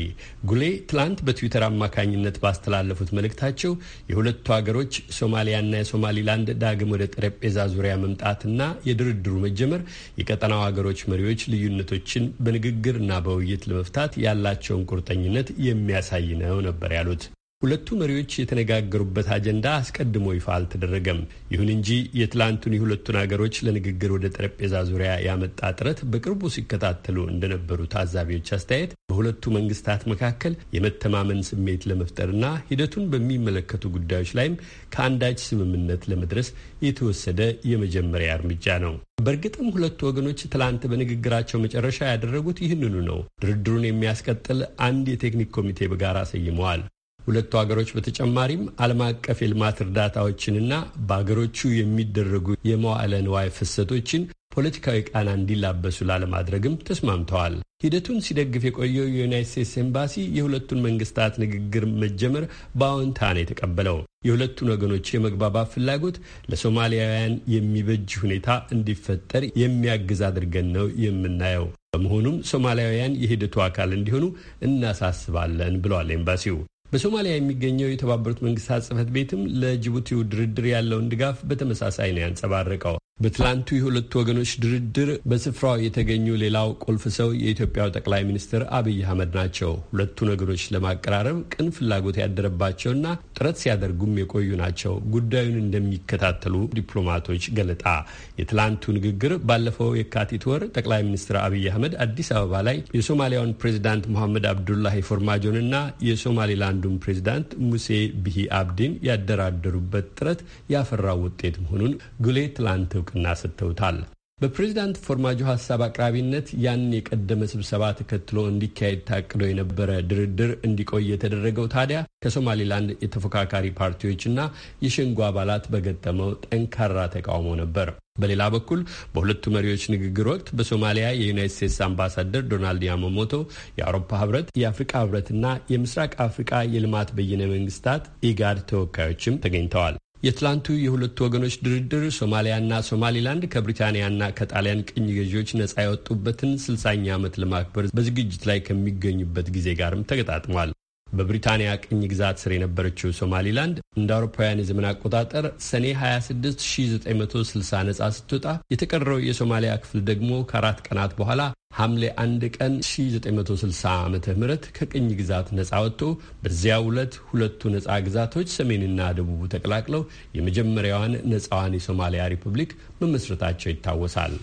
ጉሌ ትላንት በትዊተር አማካኝነት ባስተላለፉት መልእክታቸው የሁለቱ ሀገሮች ሶማሊያና የሶማሊላንድ ዳግም ወደ ጠረጴዛ ዙሪያ መምጣትና የድርድሩ መጀመር የቀጠናው ሀገሮች መሪዎች ልዩነቶችን በንግግርና በውይይት ለመፍታት ያላቸውን ቁርጠኝነት የሚያሳይ ነው ነበር ያሉት። ሁለቱ መሪዎች የተነጋገሩበት አጀንዳ አስቀድሞ ይፋ አልተደረገም። ይሁን እንጂ የትላንቱን የሁለቱን አገሮች ለንግግር ወደ ጠረጴዛ ዙሪያ ያመጣ ጥረት በቅርቡ ሲከታተሉ እንደነበሩ ታዛቢዎች አስተያየት በሁለቱ መንግስታት መካከል የመተማመን ስሜት ለመፍጠርና ሂደቱን በሚመለከቱ ጉዳዮች ላይም ከአንዳች ስምምነት ለመድረስ የተወሰደ የመጀመሪያ እርምጃ ነው። በእርግጥም ሁለቱ ወገኖች ትላንት በንግግራቸው መጨረሻ ያደረጉት ይህንኑ ነው። ድርድሩን የሚያስቀጥል አንድ የቴክኒክ ኮሚቴ በጋራ ሰይመዋል። ሁለቱ ሀገሮች በተጨማሪም ዓለም አቀፍ የልማት እርዳታዎችንና በሀገሮቹ የሚደረጉ የመዋዕለ ንዋይ ፍሰቶችን ፖለቲካዊ ቃና እንዲላበሱ ላለማድረግም ተስማምተዋል። ሂደቱን ሲደግፍ የቆየው የዩናይት ስቴትስ ኤምባሲ የሁለቱን መንግስታት ንግግር መጀመር በአዎንታ ነው የተቀበለው። የሁለቱን ወገኖች የመግባባት ፍላጎት ለሶማሊያውያን የሚበጅ ሁኔታ እንዲፈጠር የሚያግዝ አድርገን ነው የምናየው። በመሆኑም ሶማሊያውያን የሂደቱ አካል እንዲሆኑ እናሳስባለን ብለዋል ኤምባሲው። በሶማሊያ የሚገኘው የተባበሩት መንግስታት ጽህፈት ቤትም ለጅቡቲው ድርድር ያለውን ድጋፍ በተመሳሳይ ነው ያንጸባረቀው። በትላንቱ የሁለቱ ወገኖች ድርድር በስፍራው የተገኙ ሌላው ቁልፍ ሰው የኢትዮጵያው ጠቅላይ ሚኒስትር አብይ አህመድ ናቸው። ሁለቱን ወገኖች ለማቀራረብ ቅን ፍላጎት ያደረባቸውና ጥረት ሲያደርጉም የቆዩ ናቸው። ጉዳዩን እንደሚከታተሉ ዲፕሎማቶች ገለጣ። የትላንቱ ንግግር ባለፈው የካቲት ወር ጠቅላይ ሚኒስትር አብይ አህመድ አዲስ አበባ ላይ የሶማሊያውን ፕሬዚዳንት መሐመድ አብዱላሂ ፎርማጆንና የሶማሌላንዱን ፕሬዚዳንት ሙሴ ቢሂ አብዲን ያደራደሩበት ጥረት ያፈራው ውጤት መሆኑን ጉሌ ትላንት እውቅና ሰጥተውታል። በፕሬዚዳንት ፎርማጆ ሀሳብ አቅራቢነት ያን የቀደመ ስብሰባ ተከትሎ እንዲካሄድ ታቅዶ የነበረ ድርድር እንዲቆይ የተደረገው ታዲያ ከሶማሌላንድ የተፎካካሪ ፓርቲዎችና የሸንጎ አባላት በገጠመው ጠንካራ ተቃውሞ ነበር። በሌላ በኩል በሁለቱ መሪዎች ንግግር ወቅት በሶማሊያ የዩናይት ስቴትስ አምባሳደር ዶናልድ ያማሞቶ የአውሮፓ ህብረት፣ የአፍሪካ ህብረትና የምስራቅ አፍሪካ የልማት በይነ መንግስታት ኢጋድ ተወካዮችም ተገኝተዋል። የትላንቱ የሁለቱ ወገኖች ድርድር ሶማሊያና ሶማሊላንድ ከብሪታንያና ከጣሊያን ቅኝ ገዢዎች ነጻ ያወጡበትን ስልሳኛ ዓመት ለማክበር በዝግጅት ላይ ከሚገኙበት ጊዜ ጋርም ተገጣጥሟል። በብሪታንያ ቅኝ ግዛት ስር የነበረችው ሶማሊላንድ እንደ አውሮፓውያን የዘመን አቆጣጠር ሰኔ 26 1960 ነጻ ስትወጣ የተቀረው የሶማሊያ ክፍል ደግሞ ከአራት ቀናት በኋላ ሐምሌ አንድ ቀን 1960 ዓ ም ከቅኝ ግዛት ነፃ ወጥቶ በዚያ ዕለት ሁለቱ ነፃ ግዛቶች ሰሜንና ደቡቡ ተቀላቅለው የመጀመሪያዋን ነፃዋን የሶማሊያ ሪፑብሊክ መመስረታቸው ይታወሳል።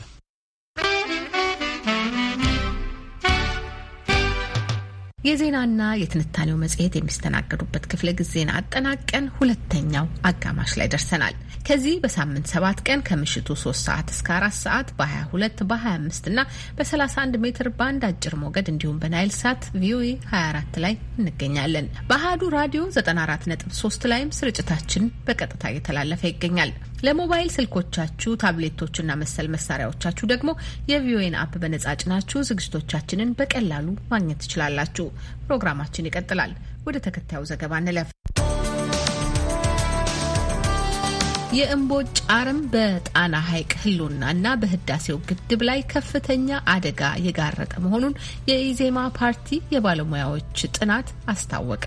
የዜናና የትንታኔው መጽሔት የሚስተናገዱበት ክፍለ ጊዜን አጠናቀን ሁለተኛው አጋማሽ ላይ ደርሰናል። ከዚህ በሳምንት ሰባት ቀን ከምሽቱ 3 ሰዓት እስከ 4 ሰዓት በ22 በ25 እና በ31 ሜትር ባንድ አጭር ሞገድ እንዲሁም በናይል ሳት ቪኦኤ 24 ላይ እንገኛለን። በአህዱ ራዲዮ 94.3 ላይም ስርጭታችን በቀጥታ እየተላለፈ ይገኛል። ለሞባይል ስልኮቻችሁ ታብሌቶችና መሰል መሳሪያዎቻችሁ ደግሞ የቪኦኤን አፕ በነጻ ጭናችሁ ዝግጅቶቻችንን በቀላሉ ማግኘት ትችላላችሁ። ፕሮግራማችን ይቀጥላል። ወደ ተከታዩ ዘገባ እንለፍ። የእምቦጭ አረም በጣና ሐይቅ ህልውናና በህዳሴው ግድብ ላይ ከፍተኛ አደጋ የጋረጠ መሆኑን የኢዜማ ፓርቲ የባለሙያዎች ጥናት አስታወቀ።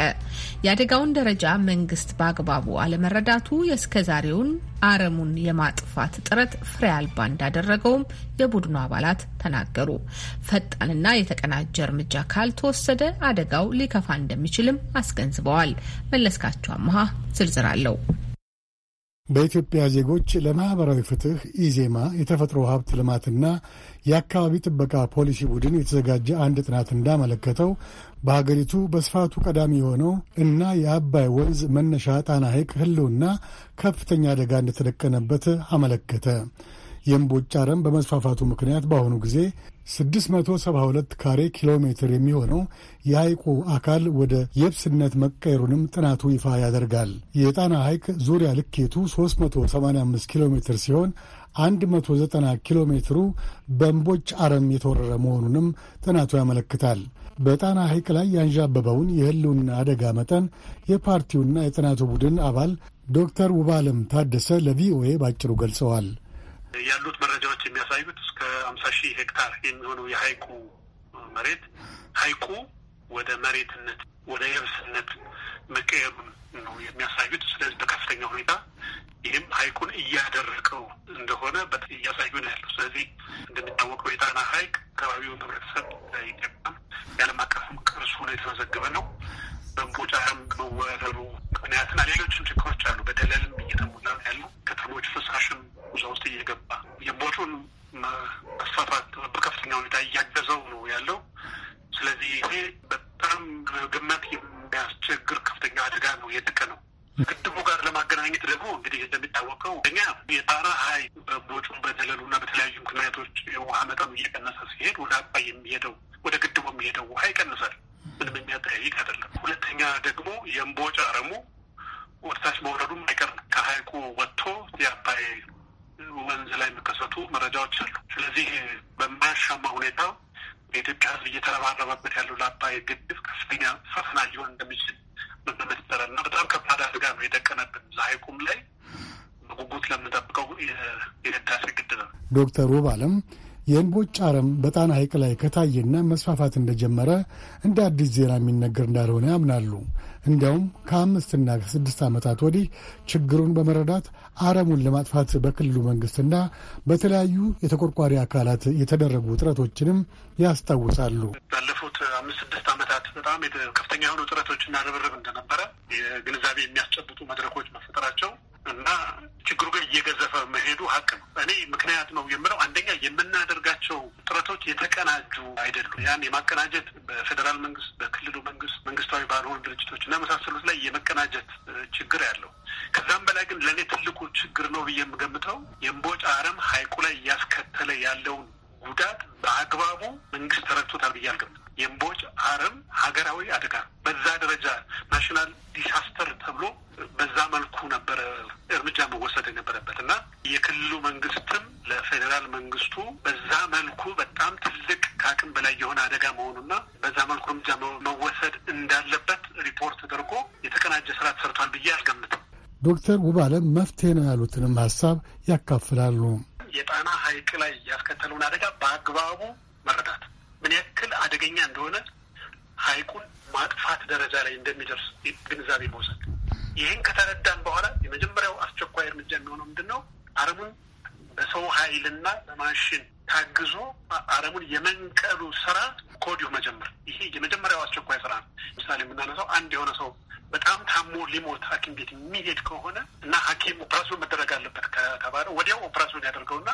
የአደጋውን ደረጃ መንግስት በአግባቡ አለመረዳቱ የእስከዛሬውን አረሙን የማጥፋት ጥረት ፍሬ አልባ እንዳደረገውም የቡድኑ አባላት ተናገሩ። ፈጣንና የተቀናጀ እርምጃ ካልተወሰደ አደጋው ሊከፋ እንደሚችልም አስገንዝበዋል። መለስካቸው አመሃ ዝርዝር አለው። በኢትዮጵያ ዜጎች ለማኅበራዊ ፍትሕ ኢዜማ የተፈጥሮ ሀብት ልማትና የአካባቢ ጥበቃ ፖሊሲ ቡድን የተዘጋጀ አንድ ጥናት እንዳመለከተው በሀገሪቱ በስፋቱ ቀዳሚ የሆነው እና የአባይ ወንዝ መነሻ ጣና ሐይቅ ሕልውና ከፍተኛ አደጋ እንደተደቀነበት አመለከተ። የእምቦጭ አረም በመስፋፋቱ ምክንያት በአሁኑ ጊዜ 672 ካሬ ኪሎ ሜትር የሚሆነው የሐይቁ አካል ወደ የብስነት መቀየሩንም ጥናቱ ይፋ ያደርጋል። የጣና ሐይቅ ዙሪያ ልኬቱ 385 ኪሎ ሜትር ሲሆን 190 ኪሎ ሜትሩ በእምቦጭ አረም የተወረረ መሆኑንም ጥናቱ ያመለክታል። በጣና ሐይቅ ላይ ያንዣበበውን የህልውና አደጋ መጠን የፓርቲውና የጥናቱ ቡድን አባል ዶክተር ውባለም ታደሰ ለቪኦኤ ባጭሩ ገልጸዋል። ያሉት መረጃዎች የሚያሳዩት እስከ አምሳ ሺህ ሄክታር የሚሆነው የሀይቁ መሬት ሀይቁ ወደ መሬትነት ወደ የብስነት መቀየሩን ነው የሚያሳዩት። ስለዚህ በከፍተኛ ሁኔታ ይህም ሀይቁን እያደረቀው እንደሆነ እያሳዩ ነው ያለው። ስለዚህ እንደሚታወቀው የጣና ሀይቅ አካባቢውን ህብረተሰብ ኢትዮጵያ የዓለም አቀፍም ቅርስ ሆኖ የተመዘገበ ነው። መቦጫም መወረሩ ምክንያትና ሌሎችም ችግሮች አሉ። በደለልም እየተሞላ ያሉ ከተሞች ፍሳሽም እዛ ውስጥ እየገባ የቦቱን መስፋፋት በከፍተኛ ሁኔታ እያገዘው ነው ያለው። ስለዚህ ይሄ በጣም ግመት የሚያስቸግር ከፍተኛ አደጋ ነው የደቀ ነው። ግድቡ ጋር ለማገናኘት ደግሞ እንግዲህ እንደሚታወቀው እኛ የጣራ ሀይ በቦጩም በደለሉና በተለያዩ ምክንያቶች የውሃ መጠኑ እየቀነሰ ሲሄድ ወደ አባይ የሚሄደው ወደ ግድቡ የሚሄደው ውሃ ይቀንሳል። ምንም የሚያጠያይቅ አይደለም። ሁለተኛ ደግሞ የእምቦጭ አረሙ ወደታች መውረዱ አይቀር ነው። ከሀይቁ ወጥቶ የአባይ ወንዝ ላይ የሚከሰቱ መረጃዎች አሉ። ስለዚህ በማያሻማ ሁኔታ በኢትዮጵያ ሕዝብ እየተረባረበበት ያለው ለአባይ ግድብ ከፍተኛ ፈተና ሊሆን እንደሚችል መገመት እና በጣም ከባድ አደጋ ነው የደቀነብን ለሀይቁም ላይ በጉጉት ለምንጠብቀው የህዳሴ ግድብ ነው። ዶክተር ውብ አለም የእንቦጭ አረም በጣና ሐይቅ ላይ ከታየና መስፋፋት እንደጀመረ እንደ አዲስ ዜና የሚነገር እንዳልሆነ ያምናሉ። እንዲያውም ከአምስትና ከስድስት ዓመታት ወዲህ ችግሩን በመረዳት አረሙን ለማጥፋት በክልሉ መንግሥትና በተለያዩ የተቆርቋሪ አካላት የተደረጉ ጥረቶችንም ያስታውሳሉ። ባለፉት አምስት ስድስት ዓመታት በጣም ከፍተኛ የሆኑ ጥረቶችና ርብርብ እንደነበረ የግንዛቤ የሚያስጨብጡ መድረኮች መፈጠራቸው እና ችግሩ ግን እየገዘፈ መሄዱ ሀቅ ነው። እኔ ምክንያት ነው የምለው አንደኛ የምናደርጋቸው ጥረቶች የተቀናጁ አይደሉም። ያን የማቀናጀት በፌዴራል መንግስት፣ በክልሉ መንግስት፣ መንግስታዊ ባልሆኑ ድርጅቶች እና መሳሰሉት ላይ የመቀናጀት ችግር ያለው ከዛም በላይ ግን ለእኔ ትልቁ ችግር ነው ብዬ የምገምተው የእምቦጭ አረም ሀይቁ ላይ እያስከተለ ያለውን ጉዳት በአግባቡ መንግስት ተረድቶታል ብዬ አልገምትም። የእምቦጭ አረም ሀገራዊ አደጋ በዛ ደረጃ ናሽናል ዲሳስተር ተብሎ በዛ መልኩ ነበረ እርምጃ መወሰድ የነበረበት እና የክልሉ መንግስትም ለፌዴራል መንግስቱ በዛ መልኩ በጣም ትልቅ ከአቅም በላይ የሆነ አደጋ መሆኑና በዛ መልኩ እርምጃ መወሰድ እንዳለበት ሪፖርት ተደርጎ የተቀናጀ ስራ ተሰርቷል ብዬ አልገምትም። ዶክተር ውባለም መፍትሄ ነው ያሉትንም ሀሳብ ያካፍላሉ። የጣና ሐይቅ ላይ ያስከተለውን አደጋ በአግባቡ መረዳት ምን ያክል አደገኛ እንደሆነ ሀይቁን ማጥፋት ደረጃ ላይ እንደሚደርስ ግንዛቤ መውሰድ። ይህን ከተረዳን በኋላ የመጀመሪያው አስቸኳይ እርምጃ የሚሆነው ምንድን ነው? አረሙን በሰው ኃይልና በማሽን ታግዞ አረሙን የመንቀሉ ስራ ከወዲሁ መጀመር። ይሄ የመጀመሪያው አስቸኳይ ስራ ነው። ምሳሌ የምናነሳው አንድ የሆነ ሰው በጣም ታሞ ሊሞት ሐኪም ቤት የሚሄድ ከሆነ እና ሐኪም ኦፕራሲዮን መደረግ አለበት ከተባለ ወዲያው ኦፕራሲዮን ያደርገውና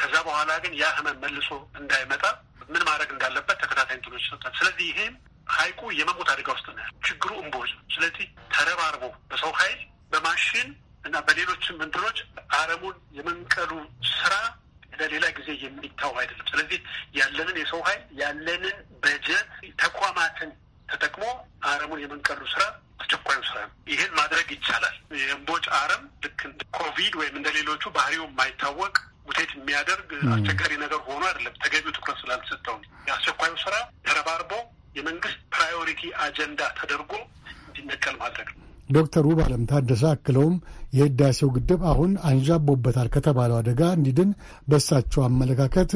ከዛ በኋላ ግን ያ ህመም መልሶ እንዳይመጣ ምን ማድረግ እንዳለበት ተከታታይ እንትኖች ይሰጣል። ስለዚህ ይሄም ሀይቁ የመሞት አደጋ ውስጥ ነው ችግሩ እምቦጭ። ስለዚህ ተረባርቦ በሰው ኃይል በማሽን እና በሌሎችም እንትኖች አረሙን የመንቀሉ ስራ ለሌላ ጊዜ የሚታው አይደለም። ስለዚህ ያለንን የሰው ኃይል ያለንን በጀት ተቋማትን ተጠቅሞ አረሙን የመንቀሉ ስራ አስቸኳዩ ስራ ነው። ይህን ማድረግ ይቻላል። የእምቦጭ አረም ልክ እንደ ኮቪድ ወይም እንደ ሌሎቹ ባህሪው የማይታወቅ ውጤት የሚያደርግ አስቸጋሪ ነገር ሆኖ አይደለም። ተገቢው ትኩረት ስላልተሰጠው የአስቸኳዩ ስራ ተረባርቦ የመንግስት ፕራዮሪቲ አጀንዳ ተደርጎ እንዲነቀል ማድረግ ነው። ዶክተር ውብ አለም ታደሰ አክለውም የህዳሴው ግድብ አሁን አንዣቦበታል ከተባለው አደጋ እንዲድን በእሳቸው አመለካከት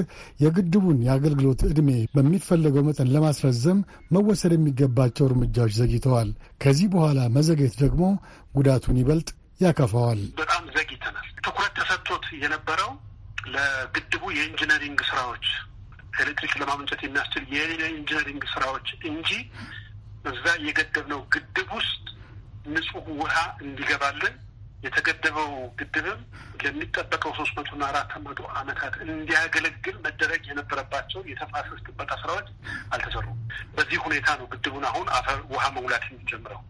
የግድቡን የአገልግሎት ዕድሜ በሚፈለገው መጠን ለማስረዘም መወሰድ የሚገባቸው እርምጃዎች ዘግይተዋል። ከዚህ በኋላ መዘግየት ደግሞ ጉዳቱን ይበልጥ ያከፋዋል። በጣም ዘግይተናል። ትኩረት ተሰጥቶት የነበረው ለግድቡ የኢንጂነሪንግ ስራዎች ኤሌክትሪክ ለማመንጨት የሚያስችል የኢንጂነሪንግ ስራዎች እንጂ እዛ የገደብነው ግድብ ውስጥ ንጹህ ውሃ እንዲገባልን የተገደበው ግድብም ለሚጠበቀው ሶስት መቶና አራት መቶ አመታት እንዲያገለግል መደረግ የነበረባቸው የተፋሰስ ጥበቃ ስራዎች አልተሰሩም። በዚህ ሁኔታ ነው ግድቡን አሁን አፈር ውሃ መሙላት የሚጀምረው።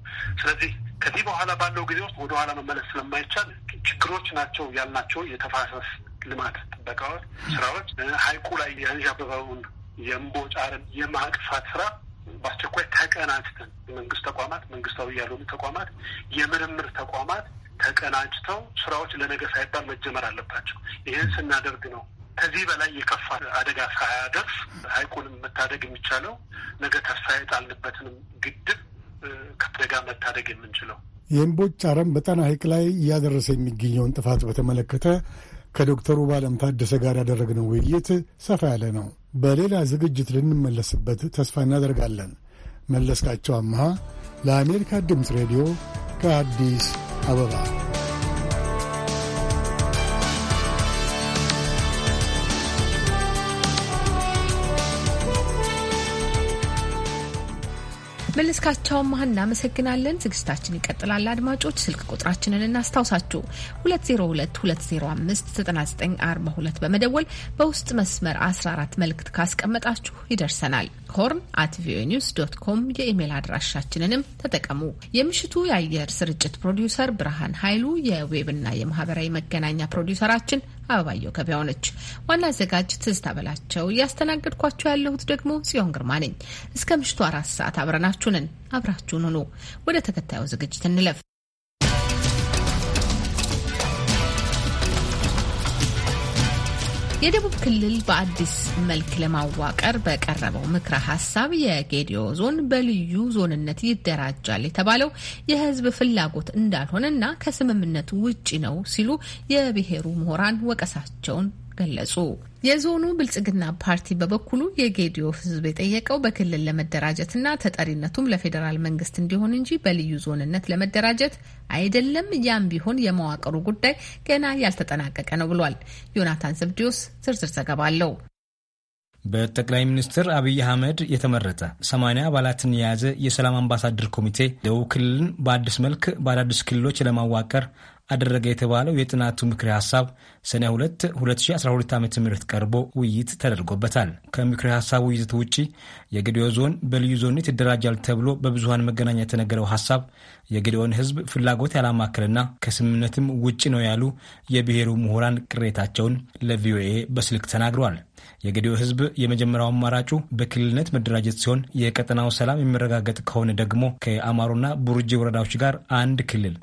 ስለዚህ ከዚህ በኋላ ባለው ጊዜ ውስጥ ወደኋላ መመለስ ስለማይቻል ችግሮች ናቸው ያልናቸው የተፋሰስ ልማት ጥበቃዎች ስራዎች፣ ሀይቁ ላይ ያንዣበበውን የእምቦጭ አረም የማቅፋት ስራ በአስቸኳይ ተቀናጅተን መንግስት ተቋማት፣ መንግስታዊ ያልሆኑ ተቋማት፣ የምርምር ተቋማት ተቀናጅተው ስራዎች ለነገ ሳይባል መጀመር አለባቸው። ይህን ስናደርግ ነው ከዚህ በላይ የከፋ አደጋ ሳያደርስ ሀይቁንም መታደግ የሚቻለው ነገ ተስፋ የጣልንበትንም ግድብ ከአደጋ መታደግ የምንችለው። የእምቦጭ አረም በጣና ሀይቅ ላይ እያደረሰ የሚገኘውን ጥፋት በተመለከተ ከዶክተሩ ባለም ታደሰ ጋር ያደረግነው ውይይት ሰፋ ያለ ነው። በሌላ ዝግጅት ልንመለስበት ተስፋ እናደርጋለን። መለስካቸው አመሃ ለአሜሪካ ድምፅ ሬዲዮ ከአዲስ አበባ መለስካቸውን ማህ እናመሰግናለን። ዝግጅታችን ይቀጥላል። አድማጮች ስልክ ቁጥራችንን እናስታውሳችሁ 2022059942 በመደወል በውስጥ መስመር 14 መልእክት ካስቀመጣችሁ ይደርሰናል። ሆርን አት ቪኦኤ ኒውስ ዶት ኮም የኢሜል አድራሻችንንም ተጠቀሙ። የምሽቱ የአየር ስርጭት ፕሮዲውሰር ብርሃን ኃይሉ፣ የዌብና የማህበራዊ መገናኛ ፕሮዲውሰራችን አበባየው ገበያው ነች። ዋና አዘጋጅ ትዝታ በላቸው፣ እያስተናገድኳችሁ ያለሁት ደግሞ ጽዮን ግርማ ነኝ። እስከ ምሽቱ አራት ሰዓት አብረናችሁንን አብራችሁን ሁኑ። ወደ ተከታዩ ዝግጅት እንለፍ። የደቡብ ክልል በአዲስ መልክ ለማዋቀር በቀረበው ምክረ ሀሳብ የጌዲዮ ዞን በልዩ ዞንነት ይደራጃል የተባለው የሕዝብ ፍላጎት እንዳልሆነና ከስምምነቱ ውጪ ነው ሲሉ የብሔሩ ምሁራን ወቀሳቸውን ገለጹ። የዞኑ ብልጽግና ፓርቲ በበኩሉ የጌዲዮ ሕዝብ የጠየቀው በክልል ለመደራጀትና ተጠሪነቱም ለፌዴራል መንግስት እንዲሆን እንጂ በልዩ ዞንነት ለመደራጀት አይደለም። ያም ቢሆን የመዋቅሩ ጉዳይ ገና ያልተጠናቀቀ ነው ብሏል። ዮናታን ዘብዲዮስ ዝርዝር ዘገባ አለው። በጠቅላይ ሚኒስትር አብይ አህመድ የተመረጠ ሰማንያ አባላትን የያዘ የሰላም አምባሳደር ኮሚቴ ደቡብ ክልልን በአዲስ መልክ በአዳዲስ ክልሎች ለማዋቀር አደረገ የተባለው የጥናቱ ምክር ሀሳብ ሰኔ 2 2012 ዓ ም ቀርቦ ውይይት ተደርጎበታል። ከምክር ሀሳቡ ይዘት ውጪ የግዲዮ ዞን በልዩ ዞንነት ይደራጃል ተብሎ በብዙሀን መገናኛ የተነገረው ሀሳብ የግዲዮን ህዝብ ፍላጎት ያላማከልና ከስምምነትም ውጭ ነው ያሉ የብሔሩ ምሁራን ቅሬታቸውን ለቪኦኤ በስልክ ተናግረዋል። የግዲዮ ህዝብ የመጀመሪያው አማራጩ በክልልነት መደራጀት ሲሆን የቀጠናው ሰላም የሚረጋገጥ ከሆነ ደግሞ ከአማሮና ቡርጂ ወረዳዎች ጋር አንድ ክልል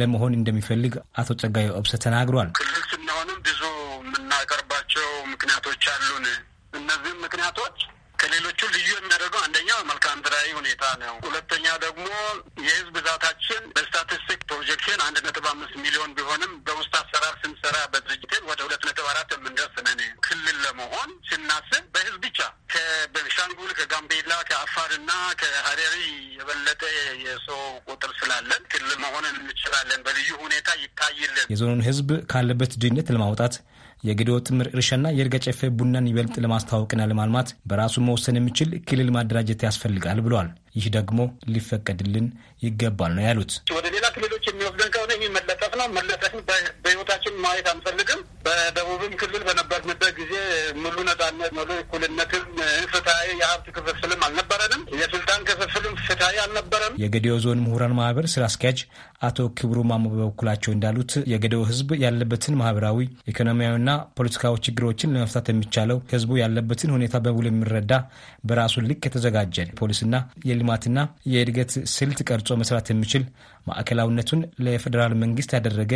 ለመሆን እንደሚፈልግ አቶ ጸጋዬ ኦብሰ ተናግሯል። ክልል ስንሆንም ብዙ የምናቀርባቸው ምክንያቶች አሉን። እነዚህም ምክንያቶች ከሌሎቹ ልዩ የሚያደርገው አንደኛው መልክዓ ምድራዊ ሁኔታ ነው። ሁለተኛ ደግሞ የህዝብ ብዛታችን በስታቲስቲክ ፕሮጀክሽን አንድ ነጥብ አምስት ሚሊዮን ቢሆንም በውስጥ አሰራር ስንሰራ በድርጅቴን ወደ ሁለት ነጥብ አራት የምንደርስ ነን። ክልል ለመሆን ስናስብ በህዝብ ብቻ ከቤንሻንጉል ከጋም ከአፋርና ከሀረሪ የበለጠ የሰው ቁጥር ስላለን ክልል መሆንን እንችላለን። በልዩ ሁኔታ ይታይልን። የዞኑን ህዝብ ካለበት ድህነት ለማውጣት የግድዮ ጥምር እርሻና የእርጋ ጨፌ ቡናን ይበልጥ ለማስተዋወቅና ለማልማት በራሱ መወሰን የሚችል ክልል ማደራጀት ያስፈልጋል ብለዋል። ይህ ደግሞ ሊፈቀድልን ይገባል ነው ያሉት። የሚወስደን ከሆነ ይህ መለጠፍ ነው። መለጠፍን በህይወታችን ማየት አንፈልግም። በደቡብም ክልል በነበርንበት ጊዜ ሙሉ ነጻነት፣ ሙሉ እኩልነትም፣ ፍትሀዊ የሀብት ክፍፍልም አልነበረንም። የስልጣን ክፍፍልም ፍትሀዊ አልነበረም። የገዲዮ ዞን ምሁራን ማህበር ስራ አስኪያጅ አቶ ክብሩ ማሞ በበኩላቸው እንዳሉት የገዲዮ ህዝብ ያለበትን ማህበራዊ ኢኮኖሚያዊና ፖለቲካዊ ችግሮችን ለመፍታት የሚቻለው ህዝቡ ያለበትን ሁኔታ በሙሉ የሚረዳ በራሱ ልክ የተዘጋጀ ፖሊስና የልማትና የእድገት ስልት ቀርጾ መስራት የሚችል ማዕከላዊነቱን ለፌዴራል መንግስት ያደረገ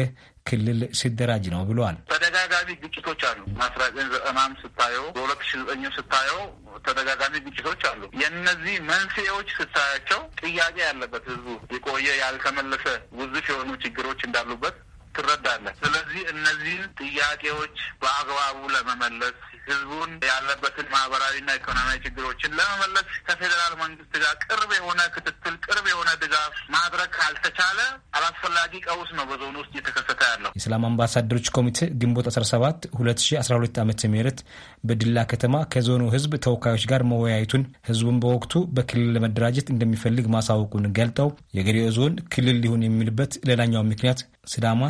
ክልል ሲደራጅ ነው ብለዋል። ተደጋጋሚ ግጭቶች አሉ። አስራ ዘጠኝ ዘጠናም ስታየው በሁለት ሺ ዘጠኝ ስታየው ተደጋጋሚ ግጭቶች አሉ። የእነዚህ መንስኤዎች ስታያቸው ጥያቄ ያለበት ህዝቡ የቆየ ያልተመለሰ ውዝፍ የሆኑ ችግሮች እንዳሉበት ትረዳለህ። ስለዚህ እነዚህን ጥያቄዎች በአግባቡ ለመመለስ ህዝቡን ያለበትን ማህበራዊና ኢኮኖሚያዊ ችግሮችን ለመመለስ ከፌዴራል መንግስት ጋር ቅርብ የሆነ ክትትል፣ ቅርብ የሆነ ድጋፍ ማድረግ ካልተቻለ አላስፈላጊ ቀውስ ነው በዞኑ ውስጥ እየተከሰተ ያለው። የሰላም አምባሳደሮች ኮሚቴ ግንቦት 17 2012 ዓ ም በድላ ከተማ ከዞኑ ህዝብ ተወካዮች ጋር መወያየቱን ህዝቡን በወቅቱ በክልል ለመደራጀት እንደሚፈልግ ማሳወቁን ገልጠው የገዲኦ ዞን ክልል ሊሆን የሚልበት ሌላኛው ምክንያት ሲዳማ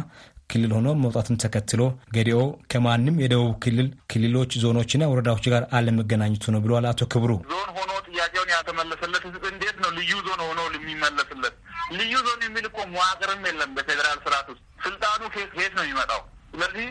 ክልል ሆኖ መውጣትን ተከትሎ ገዲኦ ከማንም የደቡብ ክልል ክልሎች፣ ዞኖችና ወረዳዎች ጋር አለመገናኘቱ ነው ብለዋል አቶ ክብሩ። ዞን ሆኖ ጥያቄውን ያልተመለሰለት እንዴት ነው ልዩ ዞን ሆኖ የሚመለስለት? ልዩ ዞን የሚል እኮ መዋቅርም የለም በፌዴራል ስርዓት ውስጥ። ስልጣኑ ከየት ነው የሚመጣው? ስለዚህ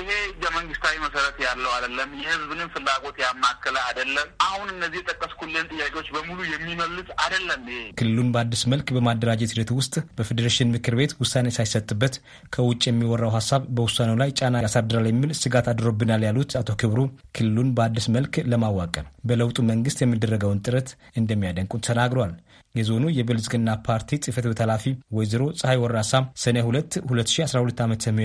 ይሄ ህገ መንግስታዊ መሰረት ያለው አይደለም። የህዝብንም ፍላጎት ያማከለ አይደለም። አሁን እነዚህ የጠቀስኩልን ጥያቄዎች በሙሉ የሚመልስ አይደለም። ይሄ ክልሉን በአዲስ መልክ በማደራጀት ሂደት ውስጥ በፌዴሬሽን ምክር ቤት ውሳኔ ሳይሰጥበት ከውጭ የሚወራው ሀሳብ በውሳኔው ላይ ጫና ያሳድራል የሚል ስጋት አድሮብናል ያሉት አቶ ክብሩ ክልሉን በአዲስ መልክ ለማዋቀር በለውጡ መንግስት የሚደረገውን ጥረት እንደሚያደንቁ ተናግሯል። የዞኑ የብልጽግና ፓርቲ ጽህፈት ቤት ኃላፊ ወይዘሮ ፀሐይ ወራሳ ሰኔ 2 2012 ዓ ም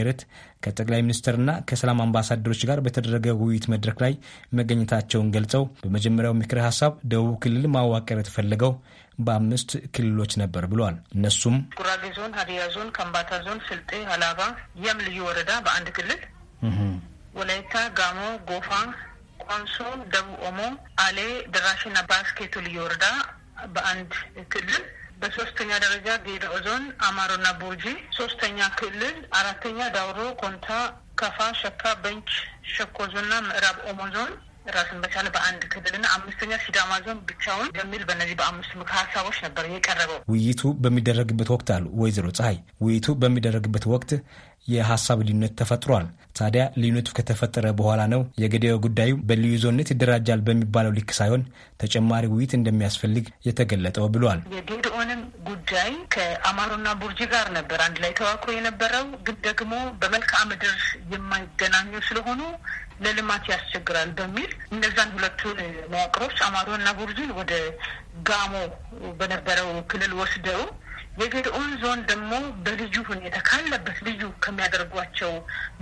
ከጠቅላይ ሚኒስትርና ከሰላም አምባሳደሮች ጋር በተደረገ ውይይት መድረክ ላይ መገኘታቸውን ገልጸው በመጀመሪያው ምክረ ሀሳብ ደቡብ ክልል ማዋቀር የተፈለገው በአምስት ክልሎች ነበር ብሏል። እነሱም ጉራጌ ዞን፣ ሀዲያ ዞን፣ ከምባታ ዞን፣ ስልጤ፣ ሀላባ፣ የም ልዩ ወረዳ በአንድ ክልል፣ ወላይታ፣ ጋሞ፣ ጎፋ፣ ቆንሶ ደቡብ ኦሞ፣ አሌ፣ ደራሽና ባስኬቱ ልዩ ወረዳ በአንድ ክልል በሶስተኛ ደረጃ ጌዴኦ ዞን አማሮና ቦጂ፣ ሶስተኛ ክልል፣ አራተኛ ዳውሮ፣ ኮንታ፣ ከፋ፣ ሸካ፣ በንች፣ ሸኮ ዞንና ምዕራብ ኦሞ ዞን ራስን በቻለ በአንድ ክልልና አምስተኛ ሲዳማ ዞን ብቻውን በሚል በእነዚህ በአምስት ምክር ሀሳቦች ነበር የቀረበው። ውይይቱ በሚደረግበት ወቅት አሉ ወይዘሮ ፀሐይ ውይይቱ በሚደረግበት ወቅት የሀሳብ ልዩነት ተፈጥሯል። ታዲያ ልዩነቱ ከተፈጠረ በኋላ ነው የገዲዮ ጉዳዩ በልዩ ዞንነት ይደራጃል በሚባለው ልክ ሳይሆን ተጨማሪ ውይይት እንደሚያስፈልግ የተገለጠው ብሏል። የጌዲኦንም ጉዳይ ከአማሮና ቡርጂ ጋር ነበር አንድ ላይ ተዋክሮ የነበረው ግን ደግሞ በመልክዓ ምድር የማይገናኙ ስለሆኑ ለልማት ያስቸግራል በሚል እነዛን ሁለቱን መዋቅሮች አማሮና ቡርጂን ወደ ጋሞ በነበረው ክልል ወስደው የገድኦን ዞን ደግሞ በልዩ ሁኔታ ካለበት ልዩ ከሚያደርጓቸው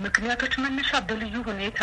ምክንያቶች መነሻ በልዩ ሁኔታ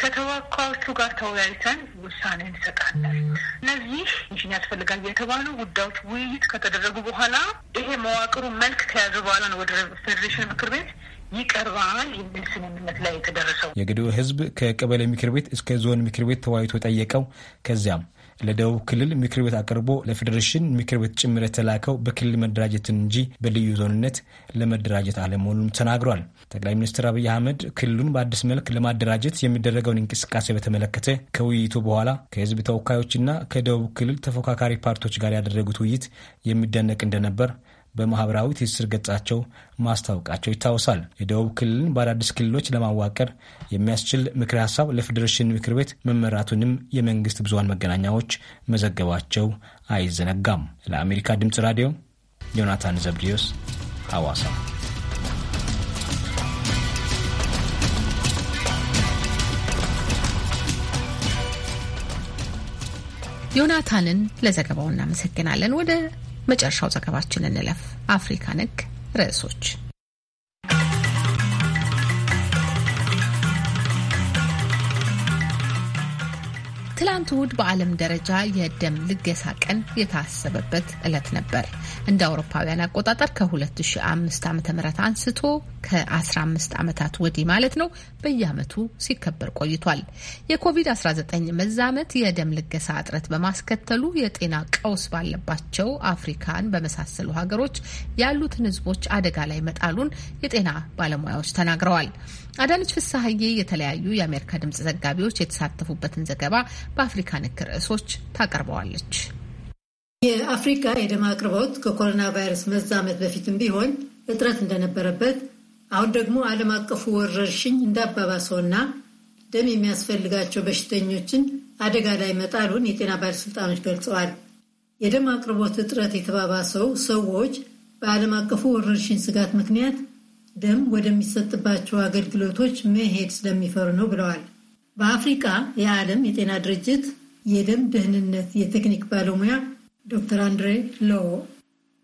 ከተወካዮቹ ጋር ተወያይተን ውሳኔ እንሰጣለን። እነዚህ ኢንጂን ያስፈልጋል የተባሉ ጉዳዮች ውይይት ከተደረጉ በኋላ ይሄ መዋቅሩ መልክ ከያዘ በኋላ ነው ወደ ፌዴሬሽን ምክር ቤት ይቀርባል የሚል ስምምነት ላይ የተደረሰው። የጌዴኦ ህዝብ ከቀበሌ ምክር ቤት እስከ ዞን ምክር ቤት ተወያይቶ ጠየቀው። ከዚያም ለደቡብ ክልል ምክር ቤት አቅርቦ ለፌዴሬሽን ምክር ቤት ጭምር የተላከው በክልል መደራጀትን እንጂ በልዩ ዞንነት ለመደራጀት አለመሆኑም ተናግሯል። ጠቅላይ ሚኒስትር አብይ አህመድ ክልሉን በአዲስ መልክ ለማደራጀት የሚደረገውን እንቅስቃሴ በተመለከተ ከውይይቱ በኋላ ከህዝብ ተወካዮችና ከደቡብ ክልል ተፎካካሪ ፓርቲዎች ጋር ያደረጉት ውይይት የሚደነቅ እንደነበር በማህበራዊ ትስስር ገጻቸው ማስታወቃቸው ይታወሳል። የደቡብ ክልልን በአዳዲስ ክልሎች ለማዋቀር የሚያስችል ምክር ሀሳብ ለፌዴሬሽን ምክር ቤት መመራቱንም የመንግስት ብዙሀን መገናኛዎች መዘገባቸው አይዘነጋም። ለአሜሪካ ድምፅ ራዲዮ ዮናታን ዘብዲዮስ ሐዋሳ። ዮናታንን ለዘገባው እናመሰግናለን። ወደ መጨረሻው ዘገባችን እንለፍ። አፍሪካ ነክ ርዕሶች ትላንት እሁድ በዓለም ደረጃ የደም ልገሳ ቀን የታሰበበት ዕለት ነበር። እንደ አውሮፓውያን አቆጣጠር ከ2005 ዓ.ም አንስቶ ከ15 ዓመታት ወዲህ ማለት ነው በየዓመቱ ሲከበር ቆይቷል። የኮቪድ-19 መዛመት የደም ልገሳ እጥረት በማስከተሉ የጤና ቀውስ ባለባቸው አፍሪካን በመሳሰሉ ሀገሮች ያሉትን ህዝቦች አደጋ ላይ መጣሉን የጤና ባለሙያዎች ተናግረዋል። አዳነች ፍሳሀዬ የተለያዩ የአሜሪካ ድምጽ ዘጋቢዎች የተሳተፉበትን ዘገባ በአፍሪካ ንክ ርዕሶች ታቀርበዋለች። የአፍሪካ የደም አቅርቦት ከኮሮና ቫይረስ መዛመት በፊትም ቢሆን እጥረት እንደነበረበት አሁን ደግሞ ዓለም አቀፉ ወረርሽኝ እንዳባባሰውና ደም የሚያስፈልጋቸው በሽተኞችን አደጋ ላይ መጣሉን የጤና ባለሥልጣኖች ገልጸዋል። የደም አቅርቦት እጥረት የተባባሰው ሰዎች በዓለም አቀፉ ወረርሽኝ ስጋት ምክንያት ደም ወደሚሰጥባቸው አገልግሎቶች መሄድ ስለሚፈሩ ነው ብለዋል። በአፍሪቃ የዓለም የጤና ድርጅት የደም ደህንነት የቴክኒክ ባለሙያ ዶክተር አንድሬ ሎ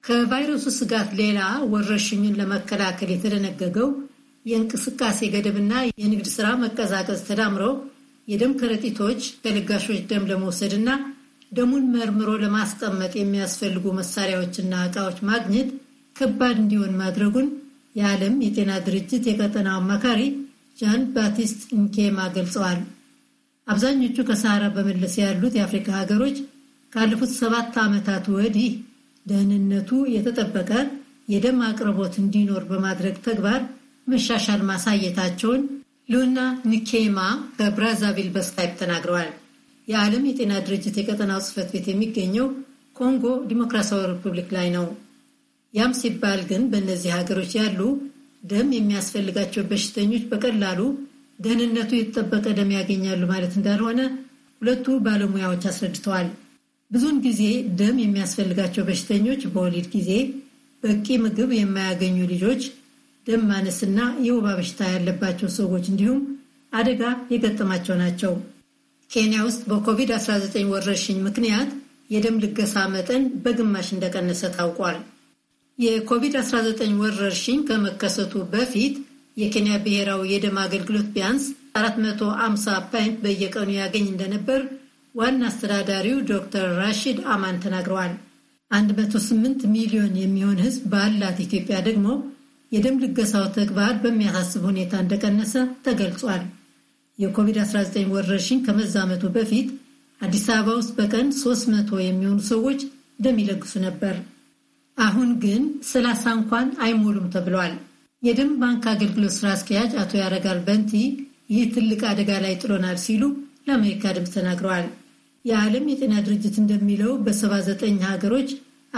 ከቫይረሱ ስጋት ሌላ ወረርሽኙን ለመከላከል የተደነገገው የእንቅስቃሴ ገደብና የንግድ ስራ መቀዛቀዝ ተዳምሮ የደም ከረጢቶች ከለጋሾች ደም ለመውሰድ ደሙን መርምሮ ለማስቀመጥ የሚያስፈልጉ መሳሪያዎችና እቃዎች ማግኘት ከባድ እንዲሆን ማድረጉን የዓለም የጤና ድርጅት የቀጠናው አማካሪ ጃን ባቲስት ንኬማ ገልጸዋል። አብዛኞቹ ከሰሃራ በመለስ ያሉት የአፍሪካ ሀገሮች ካለፉት ሰባት ዓመታት ወዲህ ደህንነቱ የተጠበቀ የደም አቅርቦት እንዲኖር በማድረግ ተግባር መሻሻል ማሳየታቸውን ሉና ንኬማ በብራዛቪል በስካይፕ ተናግረዋል። የዓለም የጤና ድርጅት የቀጠናው ጽህፈት ቤት የሚገኘው ኮንጎ ዲሞክራሲያዊ ሪፑብሊክ ላይ ነው። ያም ሲባል ግን በእነዚህ ሀገሮች ያሉ ደም የሚያስፈልጋቸው በሽተኞች በቀላሉ ደህንነቱ የተጠበቀ ደም ያገኛሉ ማለት እንዳልሆነ ሁለቱ ባለሙያዎች አስረድተዋል። ብዙውን ጊዜ ደም የሚያስፈልጋቸው በሽተኞች በወሊድ ጊዜ በቂ ምግብ የማያገኙ ልጆች፣ ደም ማነስና የወባ በሽታ ያለባቸው ሰዎች እንዲሁም አደጋ የገጠማቸው ናቸው። ኬንያ ውስጥ በኮቪድ-19 ወረርሽኝ ምክንያት የደም ልገሳ መጠን በግማሽ እንደቀነሰ ታውቋል። የኮቪድ-19 ወረርሽኝ ከመከሰቱ በፊት የኬንያ ብሔራዊ የደም አገልግሎት ቢያንስ 450 ፓይንት በየቀኑ ያገኝ እንደነበር ዋና አስተዳዳሪው ዶክተር ራሺድ አማን ተናግረዋል። 108 ሚሊዮን የሚሆን ሕዝብ ባላት ኢትዮጵያ ደግሞ የደም ልገሳው ተግባር በሚያሳስብ ሁኔታ እንደቀነሰ ተገልጿል። የኮቪድ-19 ወረርሽኝ ከመዛመቱ በፊት አዲስ አበባ ውስጥ በቀን 300 የሚሆኑ ሰዎች ደም ይለግሱ ነበር። አሁን ግን ሰላሳ እንኳን አይሞሉም ተብሏል። የደም ባንክ አገልግሎት ስራ አስኪያጅ አቶ ያረጋል በንቲ ይህ ትልቅ አደጋ ላይ ጥሎናል ሲሉ ለአሜሪካ ድምፅ ተናግረዋል። የዓለም የጤና ድርጅት እንደሚለው በ79 ሀገሮች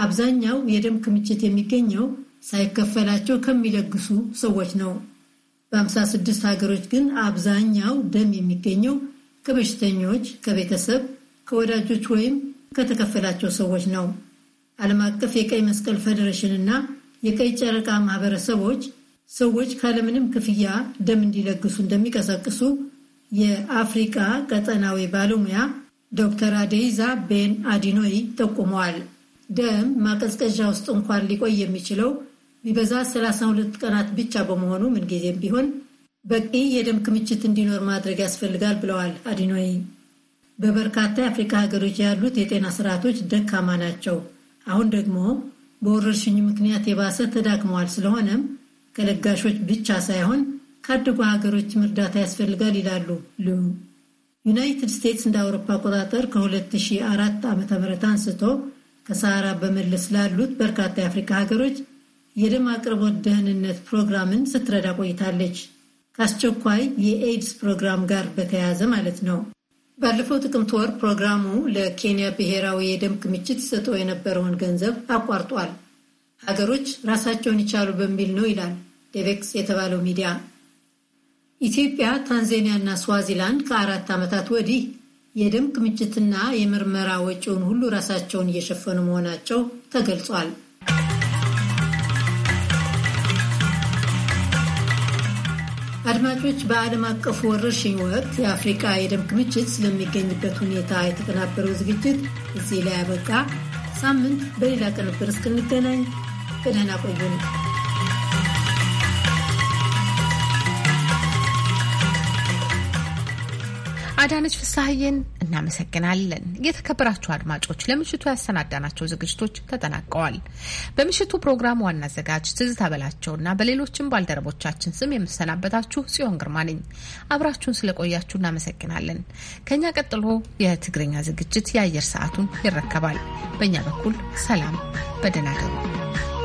አብዛኛው የደም ክምችት የሚገኘው ሳይከፈላቸው ከሚለግሱ ሰዎች ነው። በ56 ሀገሮች ግን አብዛኛው ደም የሚገኘው ከበሽተኞች፣ ከቤተሰብ፣ ከወዳጆች ወይም ከተከፈላቸው ሰዎች ነው። ዓለም አቀፍ የቀይ መስቀል ፌዴሬሽን እና የቀይ ጨረቃ ማህበረሰቦች ሰዎች ካለምንም ክፍያ ደም እንዲለግሱ እንደሚቀሰቅሱ የአፍሪቃ ቀጠናዊ ባለሙያ ዶክተር አደይዛ ቤን አዲኖይ ጠቁመዋል። ደም ማቀዝቀዣ ውስጥ እንኳን ሊቆይ የሚችለው ቢበዛ 32 ቀናት ብቻ በመሆኑ ምንጊዜም ቢሆን በቂ የደም ክምችት እንዲኖር ማድረግ ያስፈልጋል ብለዋል አዲኖይ። በበርካታ የአፍሪካ ሀገሮች ያሉት የጤና ስርዓቶች ደካማ ናቸው። አሁን ደግሞ በወረርሽኝ ምክንያት የባሰ ተዳክመዋል። ስለሆነም ከለጋሾች ብቻ ሳይሆን ካደጉ ሀገሮችም እርዳታ ያስፈልጋል ይላሉ ሉ። ዩናይትድ ስቴትስ እንደ አውሮፓ አቆጣጠር ከ2004 ም አንስቶ ከሰሃራ በመለስ ላሉት በርካታ የአፍሪካ ሀገሮች የደም አቅርቦት ደህንነት ፕሮግራምን ስትረዳ ቆይታለች። ከአስቸኳይ የኤድስ ፕሮግራም ጋር በተያያዘ ማለት ነው። ባለፈው ጥቅምት ወር ፕሮግራሙ ለኬንያ ብሔራዊ የደም ክምችት ሰጠው የነበረውን ገንዘብ አቋርጧል። ሀገሮች ራሳቸውን ይቻሉ በሚል ነው ይላል ዴቬክስ የተባለው ሚዲያ። ኢትዮጵያ፣ ታንዛኒያ እና ስዋዚላንድ ከአራት ዓመታት ወዲህ የደም ክምችትና የምርመራ ወጪውን ሁሉ ራሳቸውን እየሸፈኑ መሆናቸው ተገልጿል። አድማጮች፣ በዓለም አቀፉ ወረርሽኝ ወቅት የአፍሪቃ የደም ክምችት ስለሚገኝበት ሁኔታ የተቀናበረው ዝግጅት እዚህ ላይ ያበቃ። ሳምንት በሌላ ቅንብር እስክንገናኝ በደህና ቆዩን። አዳነች ፍሳሐዬን እናመሰግናለን። የተከበራችሁ አድማጮች ለምሽቱ ያሰናዳናቸው ዝግጅቶች ተጠናቀዋል። በምሽቱ ፕሮግራም ዋና አዘጋጅ ትዝታ በላቸውና በሌሎችም ባልደረቦቻችን ስም የምሰናበታችሁ ጽዮን ግርማ ነኝ። አብራችሁን ስለቆያችሁ እናመሰግናለን። ከእኛ ቀጥሎ የትግርኛ ዝግጅት የአየር ሰዓቱን ይረከባል። በእኛ በኩል ሰላም፣ በደህና እደሩ።